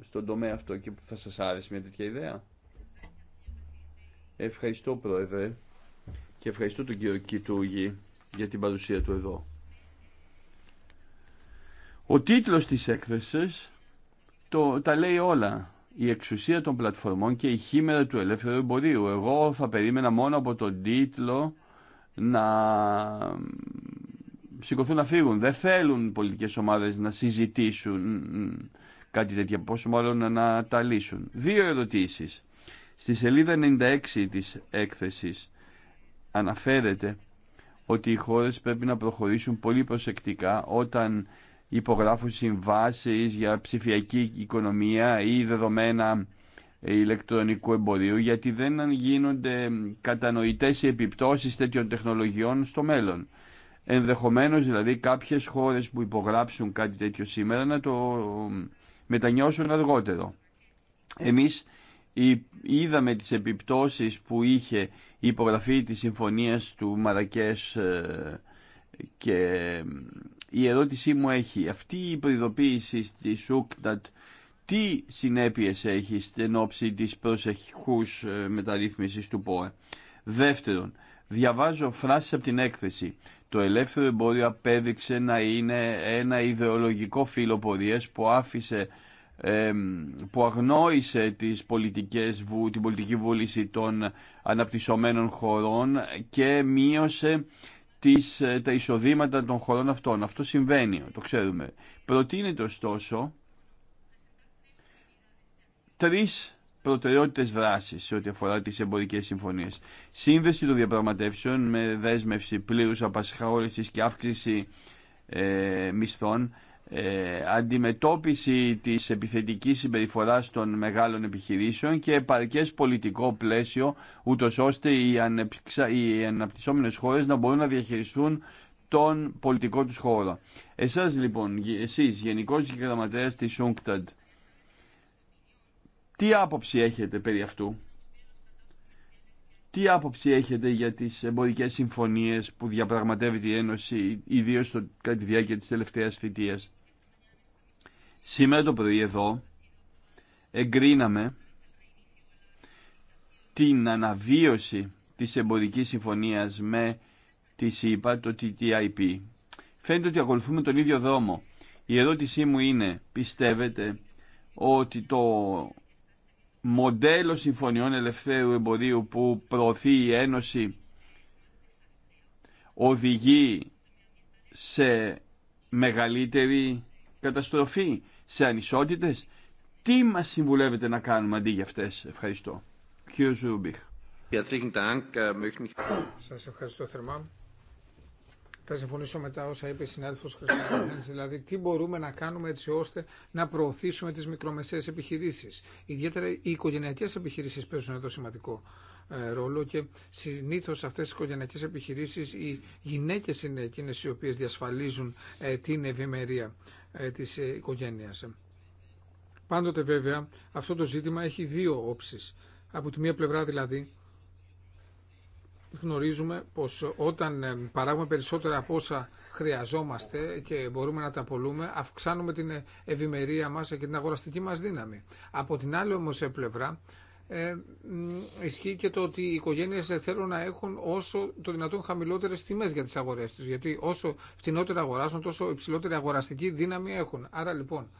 στον αυτό και θα σας άρεσε μια τέτοια ιδέα. Ευχαριστώ Πρόεδρε και ευχαριστώ τον κύριο Κιτούγη για την παρουσία του εδώ. Ο τίτλος της έκθεσης το, τα λέει όλα. Η εξουσία των πλατφορμών και η χήμερα του ελεύθερου εμπορίου. Εγώ θα περίμενα μόνο από τον τίτλο να σηκωθούν να φύγουν. Δεν θέλουν πολιτικές ομάδες να συζητήσουν κάτι τέτοιο πόσο μάλλον να τα λύσουν. Δύο ερωτήσεις. Στη σελίδα 96 της έκθεσης αναφέρεται ότι οι χώρες πρέπει να προχωρήσουν πολύ προσεκτικά όταν υπογράφουν συμβάσεις για ψηφιακή οικονομία ή δεδομένα ηλεκτρονικού εμπορίου γιατί δεν γίνονται κατανοητές οι επιπτώσεις τέτοιων τεχνολογιών στο μέλλον. Ενδεχομένως δηλαδή κάποιες χώρες που υπογράψουν κάτι τέτοιο σήμερα να το μετανιώσουν αργότερο. Εμείς είδαμε τις επιπτώσεις που είχε η υπογραφή της συμφωνίας του Μαρακές ε, και η ερώτησή μου έχει αυτή η προειδοποίηση στη ΣΟΚΤΑΤ τι συνέπειες έχει στην όψη της προσεχούς ε, μεταρρύθμισης του ΠΟΕ. Δεύτερον, διαβάζω φράσεις από την έκθεση. Το ελεύθερο εμπόριο απέδειξε να είναι ένα ιδεολογικό φύλλο πορείας που άφησε που αγνόησε τις πολιτικές, την πολιτική βούληση των αναπτυσσομένων χωρών και μείωσε τις, ε, τα εισοδήματα των χωρών αυτών. Αυτό συμβαίνει, το ξέρουμε. Προτείνεται ωστόσο τρεις προτεραιότητες δράσης σε ό,τι αφορά τις εμπορικές συμφωνίες. Σύνδεση των διαπραγματεύσεων με δέσμευση πλήρους απασχόλησης και αύξηση ε, μισθών, ε, αντιμετώπιση της επιθετικής συμπεριφοράς των μεγάλων επιχειρήσεων και επαρκές πολιτικό πλαίσιο ούτως ώστε οι, ανεπιξα... οι αναπτυσσόμενες χώρες να μπορούν να διαχειριστούν τον πολιτικό τους χώρο. Εσάς λοιπόν, εσείς Γενικός Γραμματέας της UNCTAD, τι άποψη έχετε περί αυτού? Τι άποψη έχετε για τις εμπορικές συμφωνίες που διαπραγματεύεται η Ένωση, ιδίως στο, κατά τη διάρκεια της τελευταίας θητείας. Σήμερα το πρωί εδώ εγκρίναμε την αναβίωση της εμπορικής συμφωνίας με τη ΣΥΠΑ, το TTIP. Φαίνεται ότι ακολουθούμε τον ίδιο δρόμο. Η ερώτησή μου είναι, πιστεύετε ότι το μοντέλο συμφωνιών ελευθέρου εμπορίου που προωθεί η Ένωση οδηγεί σε μεγαλύτερη καταστροφή σε ανισότητες. Τι μας συμβουλεύετε να κάνουμε αντί για αυτές. Ευχαριστώ. Κύριο Ζουρουμπίχ. Äh, Σας ευχαριστώ θερμά. Θα συμφωνήσω μετά όσα είπε η συνάδελφο δηλαδή τι μπορούμε να κάνουμε έτσι ώστε να προωθήσουμε τι μικρομεσαίε επιχειρήσει. Ιδιαίτερα οι οικογενειακέ επιχειρήσει παίζουν εδώ σημαντικό ε, ρόλο και συνήθω σε αυτέ τι οικογενειακέ επιχειρήσει οι γυναίκε είναι εκείνε οι οποίε διασφαλίζουν ε, την ευημερία ε, της ε, οικογένειας. Πάντοτε βέβαια αυτό το ζήτημα έχει δύο όψεις. Από τη μία πλευρά δηλαδή γνωρίζουμε πως όταν ε, παράγουμε περισσότερα από όσα χρειαζόμαστε και μπορούμε να τα πολλούμε, αυξάνουμε την ευημερία μας και την αγοραστική μας δύναμη. Από την άλλη όμως πλευρά ε, ισχύει και το ότι οι οικογένειες θέλουν να έχουν όσο το δυνατόν χαμηλότερες τιμές για τις αγορές τους. Γιατί όσο φτηνότερα αγοράζουν, τόσο υψηλότερη αγοραστική δύναμη έχουν. Άρα λοιπόν,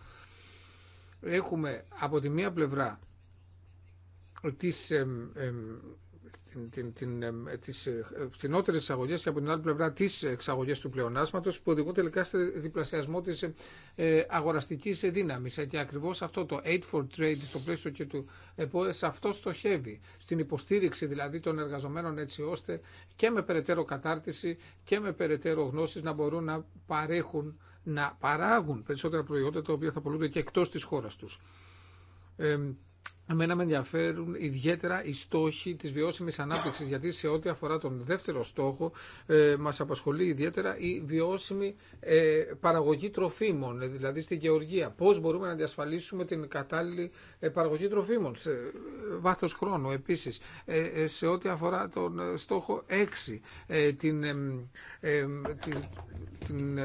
έχουμε από τη μία πλευρά τις την, την, την, ε, τις ε, φτηνότερες και από την άλλη πλευρά τις εξαγωγές του πλεονάσματος που οδηγούν τελικά σε διπλασιασμό της ε, ε αγοραστικής δύναμης. Και ακριβώς αυτό το Aid for Trade στο πλαίσιο και του ΕΠΟΕ σε αυτό στοχεύει. Στην υποστήριξη δηλαδή των εργαζομένων έτσι ώστε και με περαιτέρω κατάρτιση και με περαιτέρω γνώσεις να μπορούν να παρέχουν να παράγουν περισσότερα προϊόντα τα οποία θα πολλούνται και εκτός της χώρας τους. Ε, Εμένα με ενδιαφέρουν ιδιαίτερα οι στόχοι της βιώσιμης ανάπτυξης, γιατί σε ό,τι αφορά τον δεύτερο στόχο ε, μας απασχολεί ιδιαίτερα η βιώσιμη ε, παραγωγή τροφίμων, ε, δηλαδή στη γεωργία. Πώς μπορούμε να διασφαλίσουμε την κατάλληλη ε, παραγωγή τροφίμων σε βάθος χρόνου επίσης. σε ό,τι αφορά τον στόχο 6, την, την,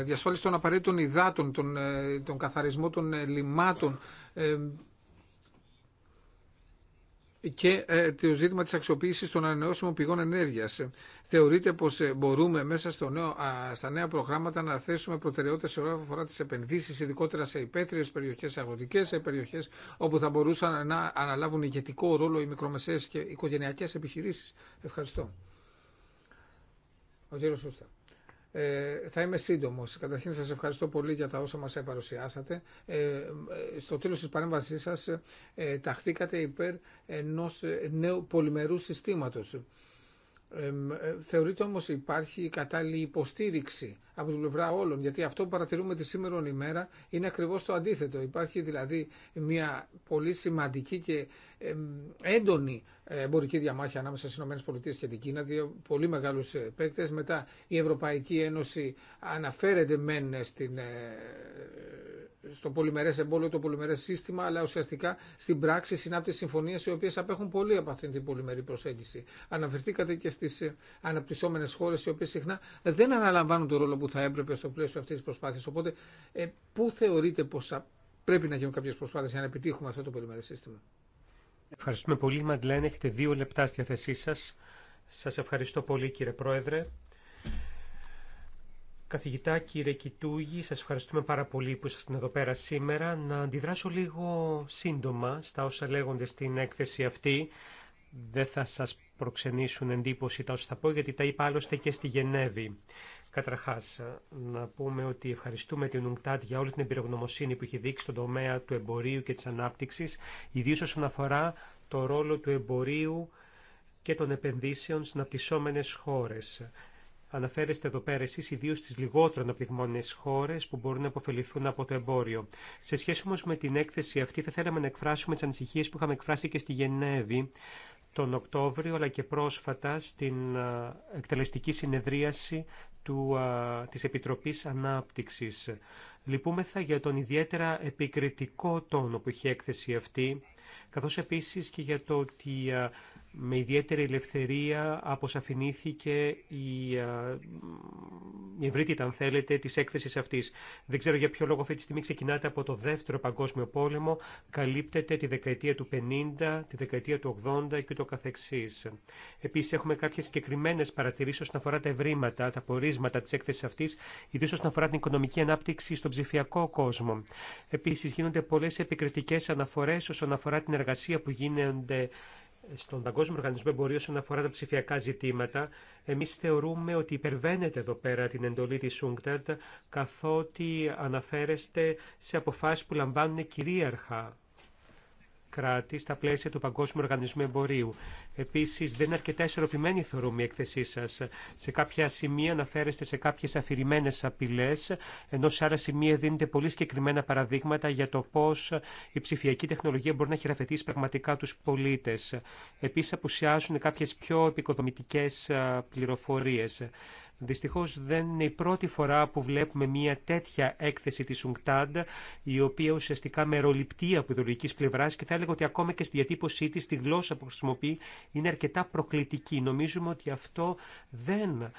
διασφάλιση των απαραίτητων υδάτων, τον, τον καθαρισμό των λιμάτων, και ε, το ζήτημα της αξιοποίησης των ανανεώσιμων πηγών ενέργειας. Θεωρείτε πως ε, μπορούμε μέσα στο νέο, στα νέα προγράμματα να θέσουμε προτεραιότητα σε όλα αφορά τις επενδύσεις, ειδικότερα σε υπαίθριες περιοχές, σε αγροτικές σε περιοχές, όπου θα μπορούσαν να αναλάβουν ηγετικό ρόλο οι μικρομεσαίες και οικογενειακές επιχειρήσεις. Ευχαριστώ. Ο κύριος ε, θα είμαι σύντομο. Καταρχήν σα ευχαριστώ πολύ για τα όσα μα παρουσιάσατε. Ε, ε, στο τέλο τη παρέμβασή σα, ταχθήκατε υπέρ ενό νέου πολυμερού συστήματο ε, θεωρείται όμως υπάρχει κατάλληλη υποστήριξη από την πλευρά όλων, γιατί αυτό που παρατηρούμε τη σήμερα ημέρα είναι ακριβώς το αντίθετο. Υπάρχει δηλαδή μια πολύ σημαντική και έντονη ε, εμπορική διαμάχη ανάμεσα στις ΗΠΑ και την Κίνα, δύο πολύ μεγάλους ε, παίκτες. Μετά η Ευρωπαϊκή Ένωση αναφέρεται μεν στην, στο πολυμερέ εμπόλιο, το πολυμερέ σύστημα, αλλά ουσιαστικά στην πράξη συνάπτει συμφωνίε οι οποίε απέχουν πολύ από αυτήν την πολυμερή προσέγγιση. Αναφερθήκατε και στι ε, αναπτυσσόμενε χώρε, οι οποίε συχνά δεν αναλαμβάνουν το ρόλο που θα έπρεπε στο πλαίσιο αυτή τη προσπάθεια. Οπότε, ε, πού θεωρείτε πω πρέπει να γίνουν κάποιε προσπάθειε για να επιτύχουμε αυτό το πολυμερέ σύστημα. Ευχαριστούμε πολύ, Μαντλέν. Έχετε δύο λεπτά στη διάθεσή σα. Σα ευχαριστώ πολύ, κύριε Πρόεδρε. Καθηγητά κύριε Κιτούγη, σας ευχαριστούμε πάρα πολύ που ήσασταν εδώ πέρα σήμερα. Να αντιδράσω λίγο σύντομα στα όσα λέγονται στην έκθεση αυτή. Δεν θα σας προξενήσουν εντύπωση τα όσα θα πω, γιατί τα είπα άλλωστε και στη Γενέβη. Καταρχάς, να πούμε ότι ευχαριστούμε την UNCTAD για όλη την εμπειρογνωμοσύνη που έχει δείξει στον τομέα του εμπορίου και της ανάπτυξης, ιδίως όσον αφορά το ρόλο του εμπορίου και των επενδύσεων στις αναπτυσσόμενες χώρες. Αναφέρεστε εδώ πέρα εσεί ιδίω στι λιγότερο αναπτυγμένε χώρε που μπορούν να αποφεληθούν από το εμπόριο. Σε σχέση όμω με την έκθεση αυτή, θα θέλαμε να εκφράσουμε τι ανησυχίε που είχαμε εκφράσει και στη Γενέβη τον Οκτώβριο, αλλά και πρόσφατα στην εκτελεστική συνεδρίαση του, α, της Επιτροπής Ανάπτυξης. Λυπούμεθα για τον ιδιαίτερα επικριτικό τόνο που είχε έκθεση αυτή, καθώς επίσης και για το ότι με ιδιαίτερη ελευθερία αποσαφηνήθηκε η, η ευρύτητα, αν θέλετε, της έκθεσης αυτής. Δεν ξέρω για ποιο λόγο αυτή τη στιγμή ξεκινάτε από το δεύτερο παγκόσμιο πόλεμο, καλύπτεται τη δεκαετία του 50, τη δεκαετία του 80 και το καθεξής. Επίσης έχουμε κάποιες συγκεκριμένε παρατηρήσεις όσον αφορά τα ευρήματα, τα πορίσματα της έκθεσης αυτής, ιδίως όσον αφορά την οικονομική ανάπτυξη στον ψηφιακό κόσμο. Επίσης γίνονται πολλές επικριτικές αναφορές όσον αφορά την εργασία που γίνονται στον Παγκόσμιο Οργανισμό Εμπορίου όσον αφορά τα ψηφιακά ζητήματα, εμείς θεωρούμε ότι υπερβαίνεται εδώ πέρα την εντολή της UNCTAD, καθότι αναφέρεστε σε αποφάσεις που λαμβάνουν κυρίαρχα κράτη στα πλαίσια του Παγκόσμιου Οργανισμού Εμπορίου. Επίση, δεν είναι αρκετά ισορροπημένη, θεωρούμε, η εκθεσή σα. Σε κάποια σημεία αναφέρεστε σε κάποιε αφηρημένε απειλέ, ενώ σε άλλα σημεία δίνετε πολύ συγκεκριμένα παραδείγματα για το πώ η ψηφιακή τεχνολογία μπορεί να χειραφετήσει πραγματικά του πολίτε. Επίση, απουσιάζουν κάποιε πιο επικοδομητικέ πληροφορίε. Δυστυχώς δεν είναι η πρώτη φορά που βλέπουμε μια τέτοια έκθεση της UNCTAD, η οποία ουσιαστικά μεροληπτεί από ιδεολογικής πλευράς και θα έλεγα ότι ακόμα και στη διατύπωσή της, τη γλώσσα που χρησιμοποιεί, είναι αρκετά προκλητική. Νομίζουμε ότι αυτό δεν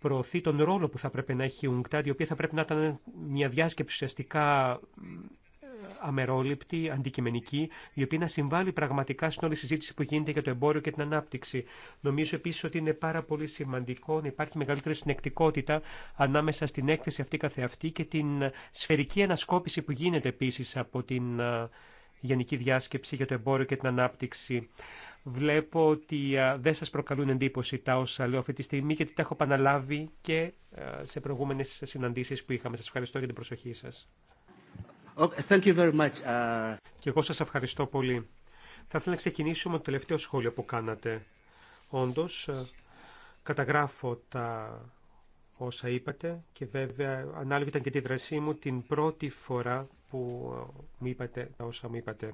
προωθεί τον ρόλο που θα πρέπει να έχει η UNCTAD, η οποία θα πρέπει να ήταν μια διάσκεψη ουσιαστικά αμερόληπτη, αντικειμενική, η οποία να συμβάλλει πραγματικά στην όλη συζήτηση που γίνεται για το εμπόριο και την ανάπτυξη. Νομίζω επίση ότι είναι πάρα πολύ σημαντικό να υπάρχει μεγαλύτερη συνεκτικότητα ανάμεσα στην έκθεση αυτή καθεαυτή και την σφαιρική ανασκόπηση που γίνεται επίση από την Γενική Διάσκεψη για το Εμπόριο και την Ανάπτυξη. Βλέπω ότι δεν σας προκαλούν εντύπωση τα όσα λέω αυτή τη στιγμή γιατί τα έχω επαναλάβει και σε προηγούμενες συναντήσεις που είχαμε. Σας ευχαριστώ για την προσοχή σας thank you very much. Uh, και εγώ σας ευχαριστώ πολύ. Θα ήθελα να ξεκινήσω με το τελευταίο σχόλιο που κάνατε. Όντως, ε, καταγράφω τα όσα είπατε και βέβαια ανάλογη ήταν και τη δρασή μου την πρώτη φορά που ε, μου είπατε τα όσα μου είπατε.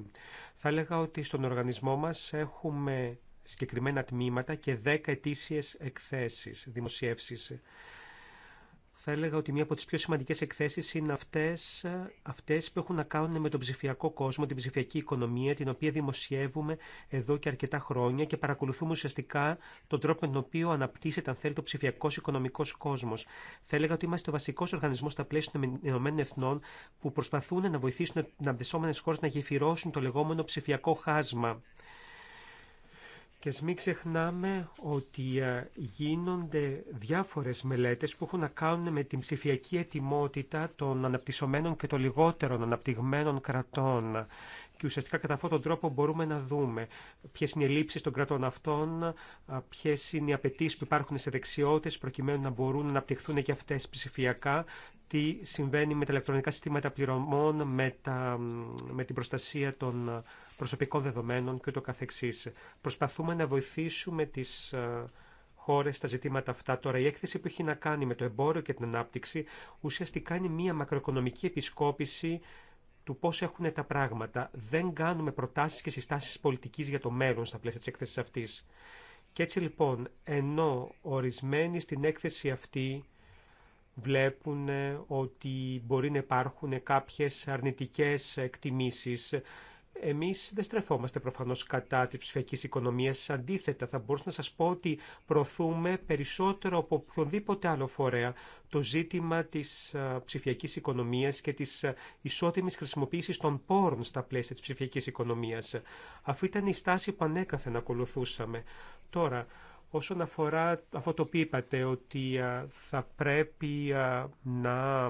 Θα έλεγα ότι στον οργανισμό μας έχουμε συγκεκριμένα τμήματα και 10 ετήσιες εκθέσεις, δημοσιεύσεις θα έλεγα ότι μία από τις πιο σημαντικές εκθέσεις είναι αυτές, αυτές που έχουν να κάνουν με τον ψηφιακό κόσμο, την ψηφιακή οικονομία, την οποία δημοσιεύουμε εδώ και αρκετά χρόνια και παρακολουθούμε ουσιαστικά τον τρόπο με τον οποίο αναπτύσσεται, αν θέλει, το ψηφιακό οικονομικό κόσμο. Θα έλεγα ότι είμαστε ο βασικό οργανισμό στα πλαίσια των ΗΕ που προσπαθούν να βοηθήσουν να αναπτυσσόμενε χώρε να γεφυρώσουν το λεγόμενο ψηφιακό χάσμα. Και μην ξεχνάμε ότι ε, γίνονται διάφορες μελέτες που έχουν να κάνουν με την ψηφιακή ετοιμότητα των αναπτυσσομένων και των λιγότερων αναπτυγμένων κρατών. Και ουσιαστικά κατά αυτόν τον τρόπο μπορούμε να δούμε ποιε είναι οι λήψει των κρατών αυτών, ε, ποιε είναι οι απαιτήσει που υπάρχουν σε δεξιότητε προκειμένου να μπορούν να αναπτυχθούν και αυτέ ψηφιακά, τι συμβαίνει με τα ηλεκτρονικά συστήματα πληρωμών, με, τα, με την προστασία των προσωπικών δεδομένων και ούτω καθεξής. Προσπαθούμε να βοηθήσουμε τις ε, χώρες στα ζητήματα αυτά. Τώρα η έκθεση που έχει να κάνει με το εμπόριο και την ανάπτυξη ουσιαστικά είναι μια μακροοικονομική επισκόπηση του πώς έχουν τα πράγματα. Δεν κάνουμε προτάσεις και συστάσεις πολιτικής για το μέλλον στα πλαίσια της έκθεσης αυτής. Και έτσι λοιπόν, ενώ ορισμένοι στην έκθεση αυτή βλέπουν ε, ότι μπορεί να υπάρχουν κάποιες αρνητικές εκτιμήσεις εμείς δεν στρεφόμαστε προφανώ κατά τη ψηφιακή οικονομία. Αντίθετα, θα μπορούσα να σας πω ότι προωθούμε περισσότερο από οποιονδήποτε άλλο φορέα το ζήτημα της ψηφιακής οικονομίας και της ισότιμη χρησιμοποίησης των πόρων στα πλαίσια της ψηφιακής οικονομίας. Αυτή ήταν η στάση που ανέκαθεν ακολουθούσαμε. Τώρα, όσον αφορά αυτό το είπατε, ότι θα πρέπει να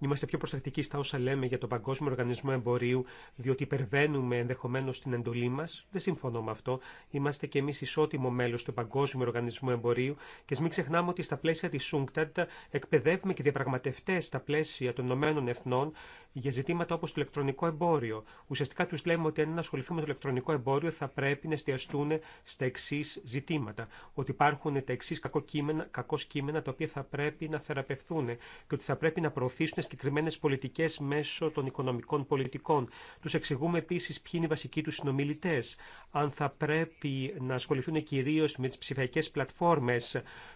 είμαστε πιο προσεκτικοί στα όσα λέμε για τον Παγκόσμιο Οργανισμό Εμπορίου, διότι υπερβαίνουμε ενδεχομένω την εντολή μα. Δεν συμφωνώ με αυτό. Είμαστε και εμεί ισότιμο μέλο του Παγκόσμιου Οργανισμού Εμπορίου και μην ξεχνάμε ότι στα πλαίσια τη UNCTAD εκπαιδεύουμε και διαπραγματευτέ στα πλαίσια των Ηνωμένων Εθνών για ζητήματα όπω το ηλεκτρονικό εμπόριο. Ουσιαστικά του λέμε ότι αν ασχοληθούμε με το ηλεκτρονικό εμπόριο θα πρέπει να εστιαστούν στα εξή ζητήματα. Ότι υπάρχουν τα εξή κακό κείμενα, κείμενα τα οποία θα πρέπει να θεραπευθούν και ότι θα πρέπει να προωθήσουν συγκεκριμένε πολιτικέ μέσω των οικονομικών πολιτικών. Του εξηγούμε επίση ποιοι είναι οι βασικοί του συνομιλητέ, αν θα πρέπει να ασχοληθούν κυρίω με τι ψηφιακέ πλατφόρμε,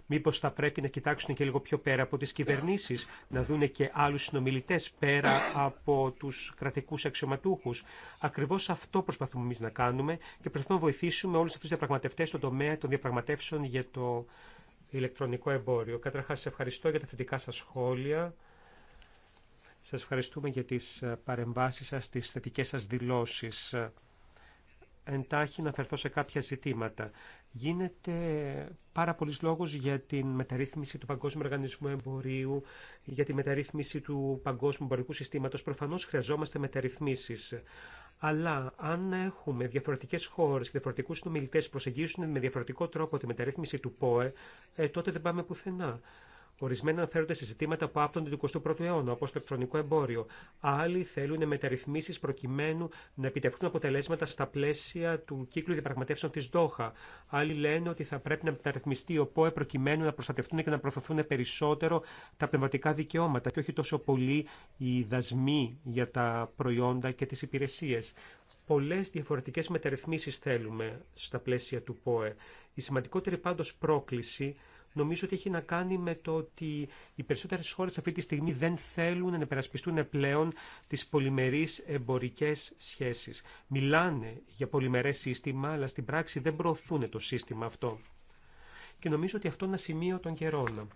μήπω θα πρέπει να κοιτάξουν και λίγο πιο πέρα από τι κυβερνήσει, να δούνε και άλλου συνομιλητέ πέρα από του κρατικού αξιωματούχου. Ακριβώ αυτό προσπαθούμε εμεί να κάνουμε και προσπαθούμε να βοηθήσουμε όλου αυτού του διαπραγματευτέ στον τομέα των διαπραγματεύσεων για το ηλεκτρονικό εμπόριο. Καταρχάς, ευχαριστώ για τα θετικά σας σχόλια. Σας ευχαριστούμε για τις ε, παρεμβάσεις σας, τις θετικές σας δηλώσεις. Εντάχει να φερθώ σε κάποια ζητήματα. Γίνεται πάρα πολλής λόγος για την μεταρρύθμιση του Παγκόσμιου Οργανισμού Εμπορίου, για τη μεταρρύθμιση του Παγκόσμιου Εμπορικού Συστήματος. Προφανώς χρειαζόμαστε μεταρρυθμίσεις. Αλλά αν έχουμε διαφορετικέ χώρε και διαφορετικού συνομιλητέ που προσεγγίζουν με διαφορετικό τρόπο τη μεταρρύθμιση του ΠΟΕ, ε, τότε δεν πάμε πουθενά. Ορισμένα αναφέρονται σε ζητήματα που άπτονται του 21ου αιώνα, όπω το ηλεκτρονικό εμπόριο. Άλλοι θέλουν μεταρρυθμίσει προκειμένου να επιτευχθούν αποτελέσματα στα πλαίσια του κύκλου διαπραγματεύσεων τη Δόχα. Άλλοι λένε ότι θα πρέπει να μεταρρυθμιστεί ο ΠΟΕ προκειμένου να προστατευτούν και να προωθηθούν περισσότερο τα πνευματικά δικαιώματα και όχι τόσο πολύ οι δασμοί για τα προϊόντα και τι υπηρεσίε. Πολλέ διαφορετικέ μεταρρυθμίσει θέλουμε στα πλαίσια του ΠΟΕ. Η σημαντικότερη πάντω πρόκληση νομίζω ότι έχει να κάνει με το ότι οι περισσότερες χώρες αυτή τη στιγμή δεν θέλουν να περασπιστούν πλέον τις πολυμερείς εμπορικές σχέσεις. Μιλάνε για πολυμερές σύστημα, αλλά στην πράξη δεν προωθούν το σύστημα αυτό. Και νομίζω ότι αυτό είναι ένα σημείο των καιρών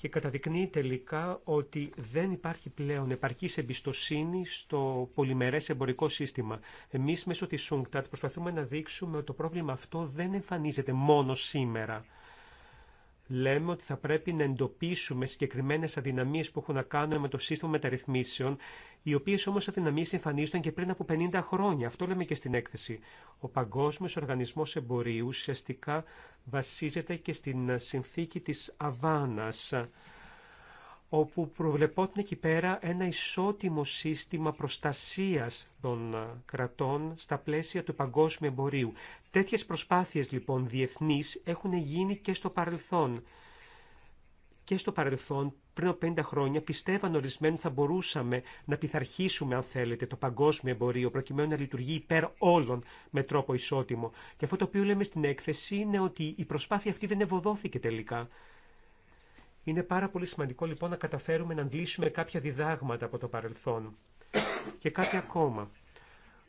και καταδεικνύει τελικά ότι δεν υπάρχει πλέον επαρκής εμπιστοσύνη στο πολυμερές εμπορικό σύστημα. Εμείς μέσω της UNCTAD προσπαθούμε να δείξουμε ότι το πρόβλημα αυτό δεν εμφανίζεται μόνο σήμερα λέμε ότι θα πρέπει να εντοπίσουμε συγκεκριμένες αδυναμίες που έχουν να κάνουν με το σύστημα μεταρρυθμίσεων, οι οποίες όμως αδυναμίες εμφανίστηκαν και πριν από 50 χρόνια. Αυτό λέμε και στην έκθεση. Ο Παγκόσμιος Οργανισμός Εμπορίου ουσιαστικά βασίζεται και στην συνθήκη της Αβάνας όπου προβλεπόταν εκεί πέρα ένα ισότιμο σύστημα προστασίας των ε, κρατών στα πλαίσια του παγκόσμιου εμπορίου. Τέτοιες προσπάθειες λοιπόν διεθνείς έχουν γίνει και στο παρελθόν. Και στο παρελθόν πριν από 50 χρόνια πιστεύαν ορισμένοι θα μπορούσαμε να πειθαρχήσουμε, αν θέλετε, το παγκόσμιο εμπορίο προκειμένου να λειτουργεί υπέρ όλων με τρόπο ισότιμο. Και αυτό το οποίο λέμε στην έκθεση είναι ότι η προσπάθεια αυτή δεν ευωδόθηκε τελικά. Είναι πάρα πολύ σημαντικό λοιπόν να καταφέρουμε να αντλήσουμε κάποια διδάγματα από το παρελθόν. Και κάτι ακόμα.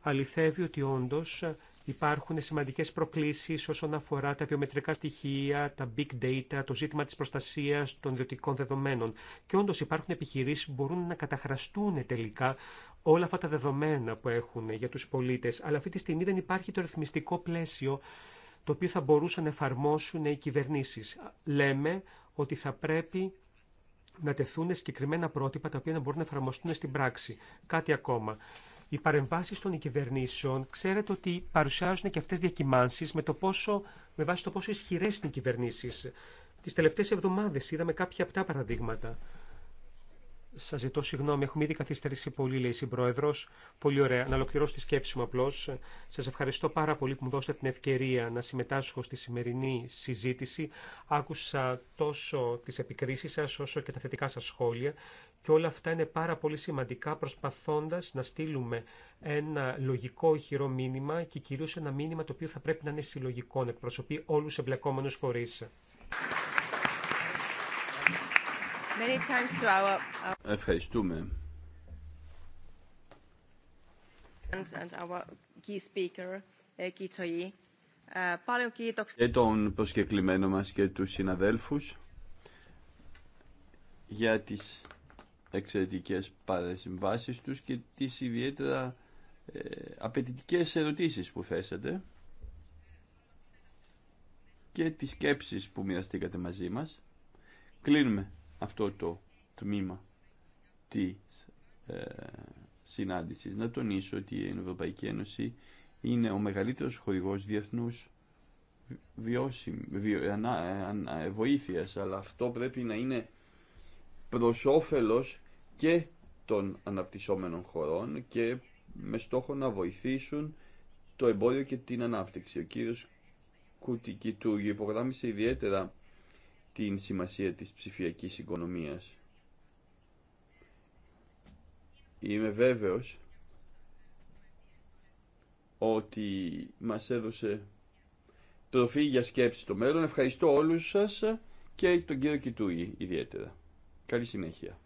Αληθεύει ότι όντω υπάρχουν σημαντικέ προκλήσει όσον αφορά τα βιομετρικά στοιχεία, τα big data, το ζήτημα τη προστασία των ιδιωτικών δεδομένων. Και όντω υπάρχουν επιχειρήσει που μπορούν να καταχραστούν τελικά όλα αυτά τα δεδομένα που έχουν για του πολίτε. Αλλά αυτή τη στιγμή δεν υπάρχει το ρυθμιστικό πλαίσιο το οποίο θα μπορούσαν να εφαρμόσουν οι κυβερνήσει. Λέμε ότι θα πρέπει να τεθούν συγκεκριμένα πρότυπα τα οποία να μπορούν να εφαρμοστούν στην πράξη. Κάτι ακόμα. Οι παρεμβάσει των κυβερνήσεων, ξέρετε ότι παρουσιάζουν και αυτέ διακυμάνσει με, το πόσο, με βάση το πόσο ισχυρέ είναι οι κυβερνήσει. Τι τελευταίε εβδομάδε είδαμε κάποια απτά παραδείγματα. Σα ζητώ συγγνώμη, έχουμε ήδη καθυστερήσει πολύ, λέει η Συμπρόεδρο. Πολύ ωραία. Να ολοκληρώσω τη σκέψη μου απλώ. Σα ευχαριστώ πάρα πολύ που μου δώσατε την ευκαιρία να συμμετάσχω στη σημερινή συζήτηση. Άκουσα τόσο τι επικρίσει σα όσο και τα θετικά σα σχόλια. Και όλα αυτά είναι πάρα πολύ σημαντικά προσπαθώντα να στείλουμε ένα λογικό ηχηρό μήνυμα και κυρίω ένα μήνυμα το οποίο θα πρέπει να είναι συλλογικό, να εκπροσωπεί όλου του εμπλεκόμενου φορεί. Ευχαριστούμε. Ε, ε, και τον προσκεκλημένο μας και τους συναδέλφους για τις εξαιρετικές παρασυμβάσεις τους και τις ιδιαίτερα ε, απαιτητικές ερωτήσεις που θέσατε και τις σκέψεις που μοιραστήκατε μαζί μας. Κλείνουμε αυτό το τμήμα της ε, συνάντησης. Να τονίσω ότι η Ευρωπαϊκή Ένωση είναι ο μεγαλύτερος χορηγός διεθνούς βιώσιμη, ε, βοήθειας, αλλά αυτό πρέπει να είναι προς όφελος και των αναπτυσσόμενων χωρών και με στόχο να βοηθήσουν το εμπόριο και την ανάπτυξη. Ο κύριος Κουτικητούργη υπογράμμισε ιδιαίτερα την σημασία της ψηφιακής οικονομίας. Είμαι βέβαιος ότι μας έδωσε τροφή για σκέψη στο μέλλον. Ευχαριστώ όλους σας και τον κύριο Κιτούη ιδιαίτερα. Καλή συνέχεια.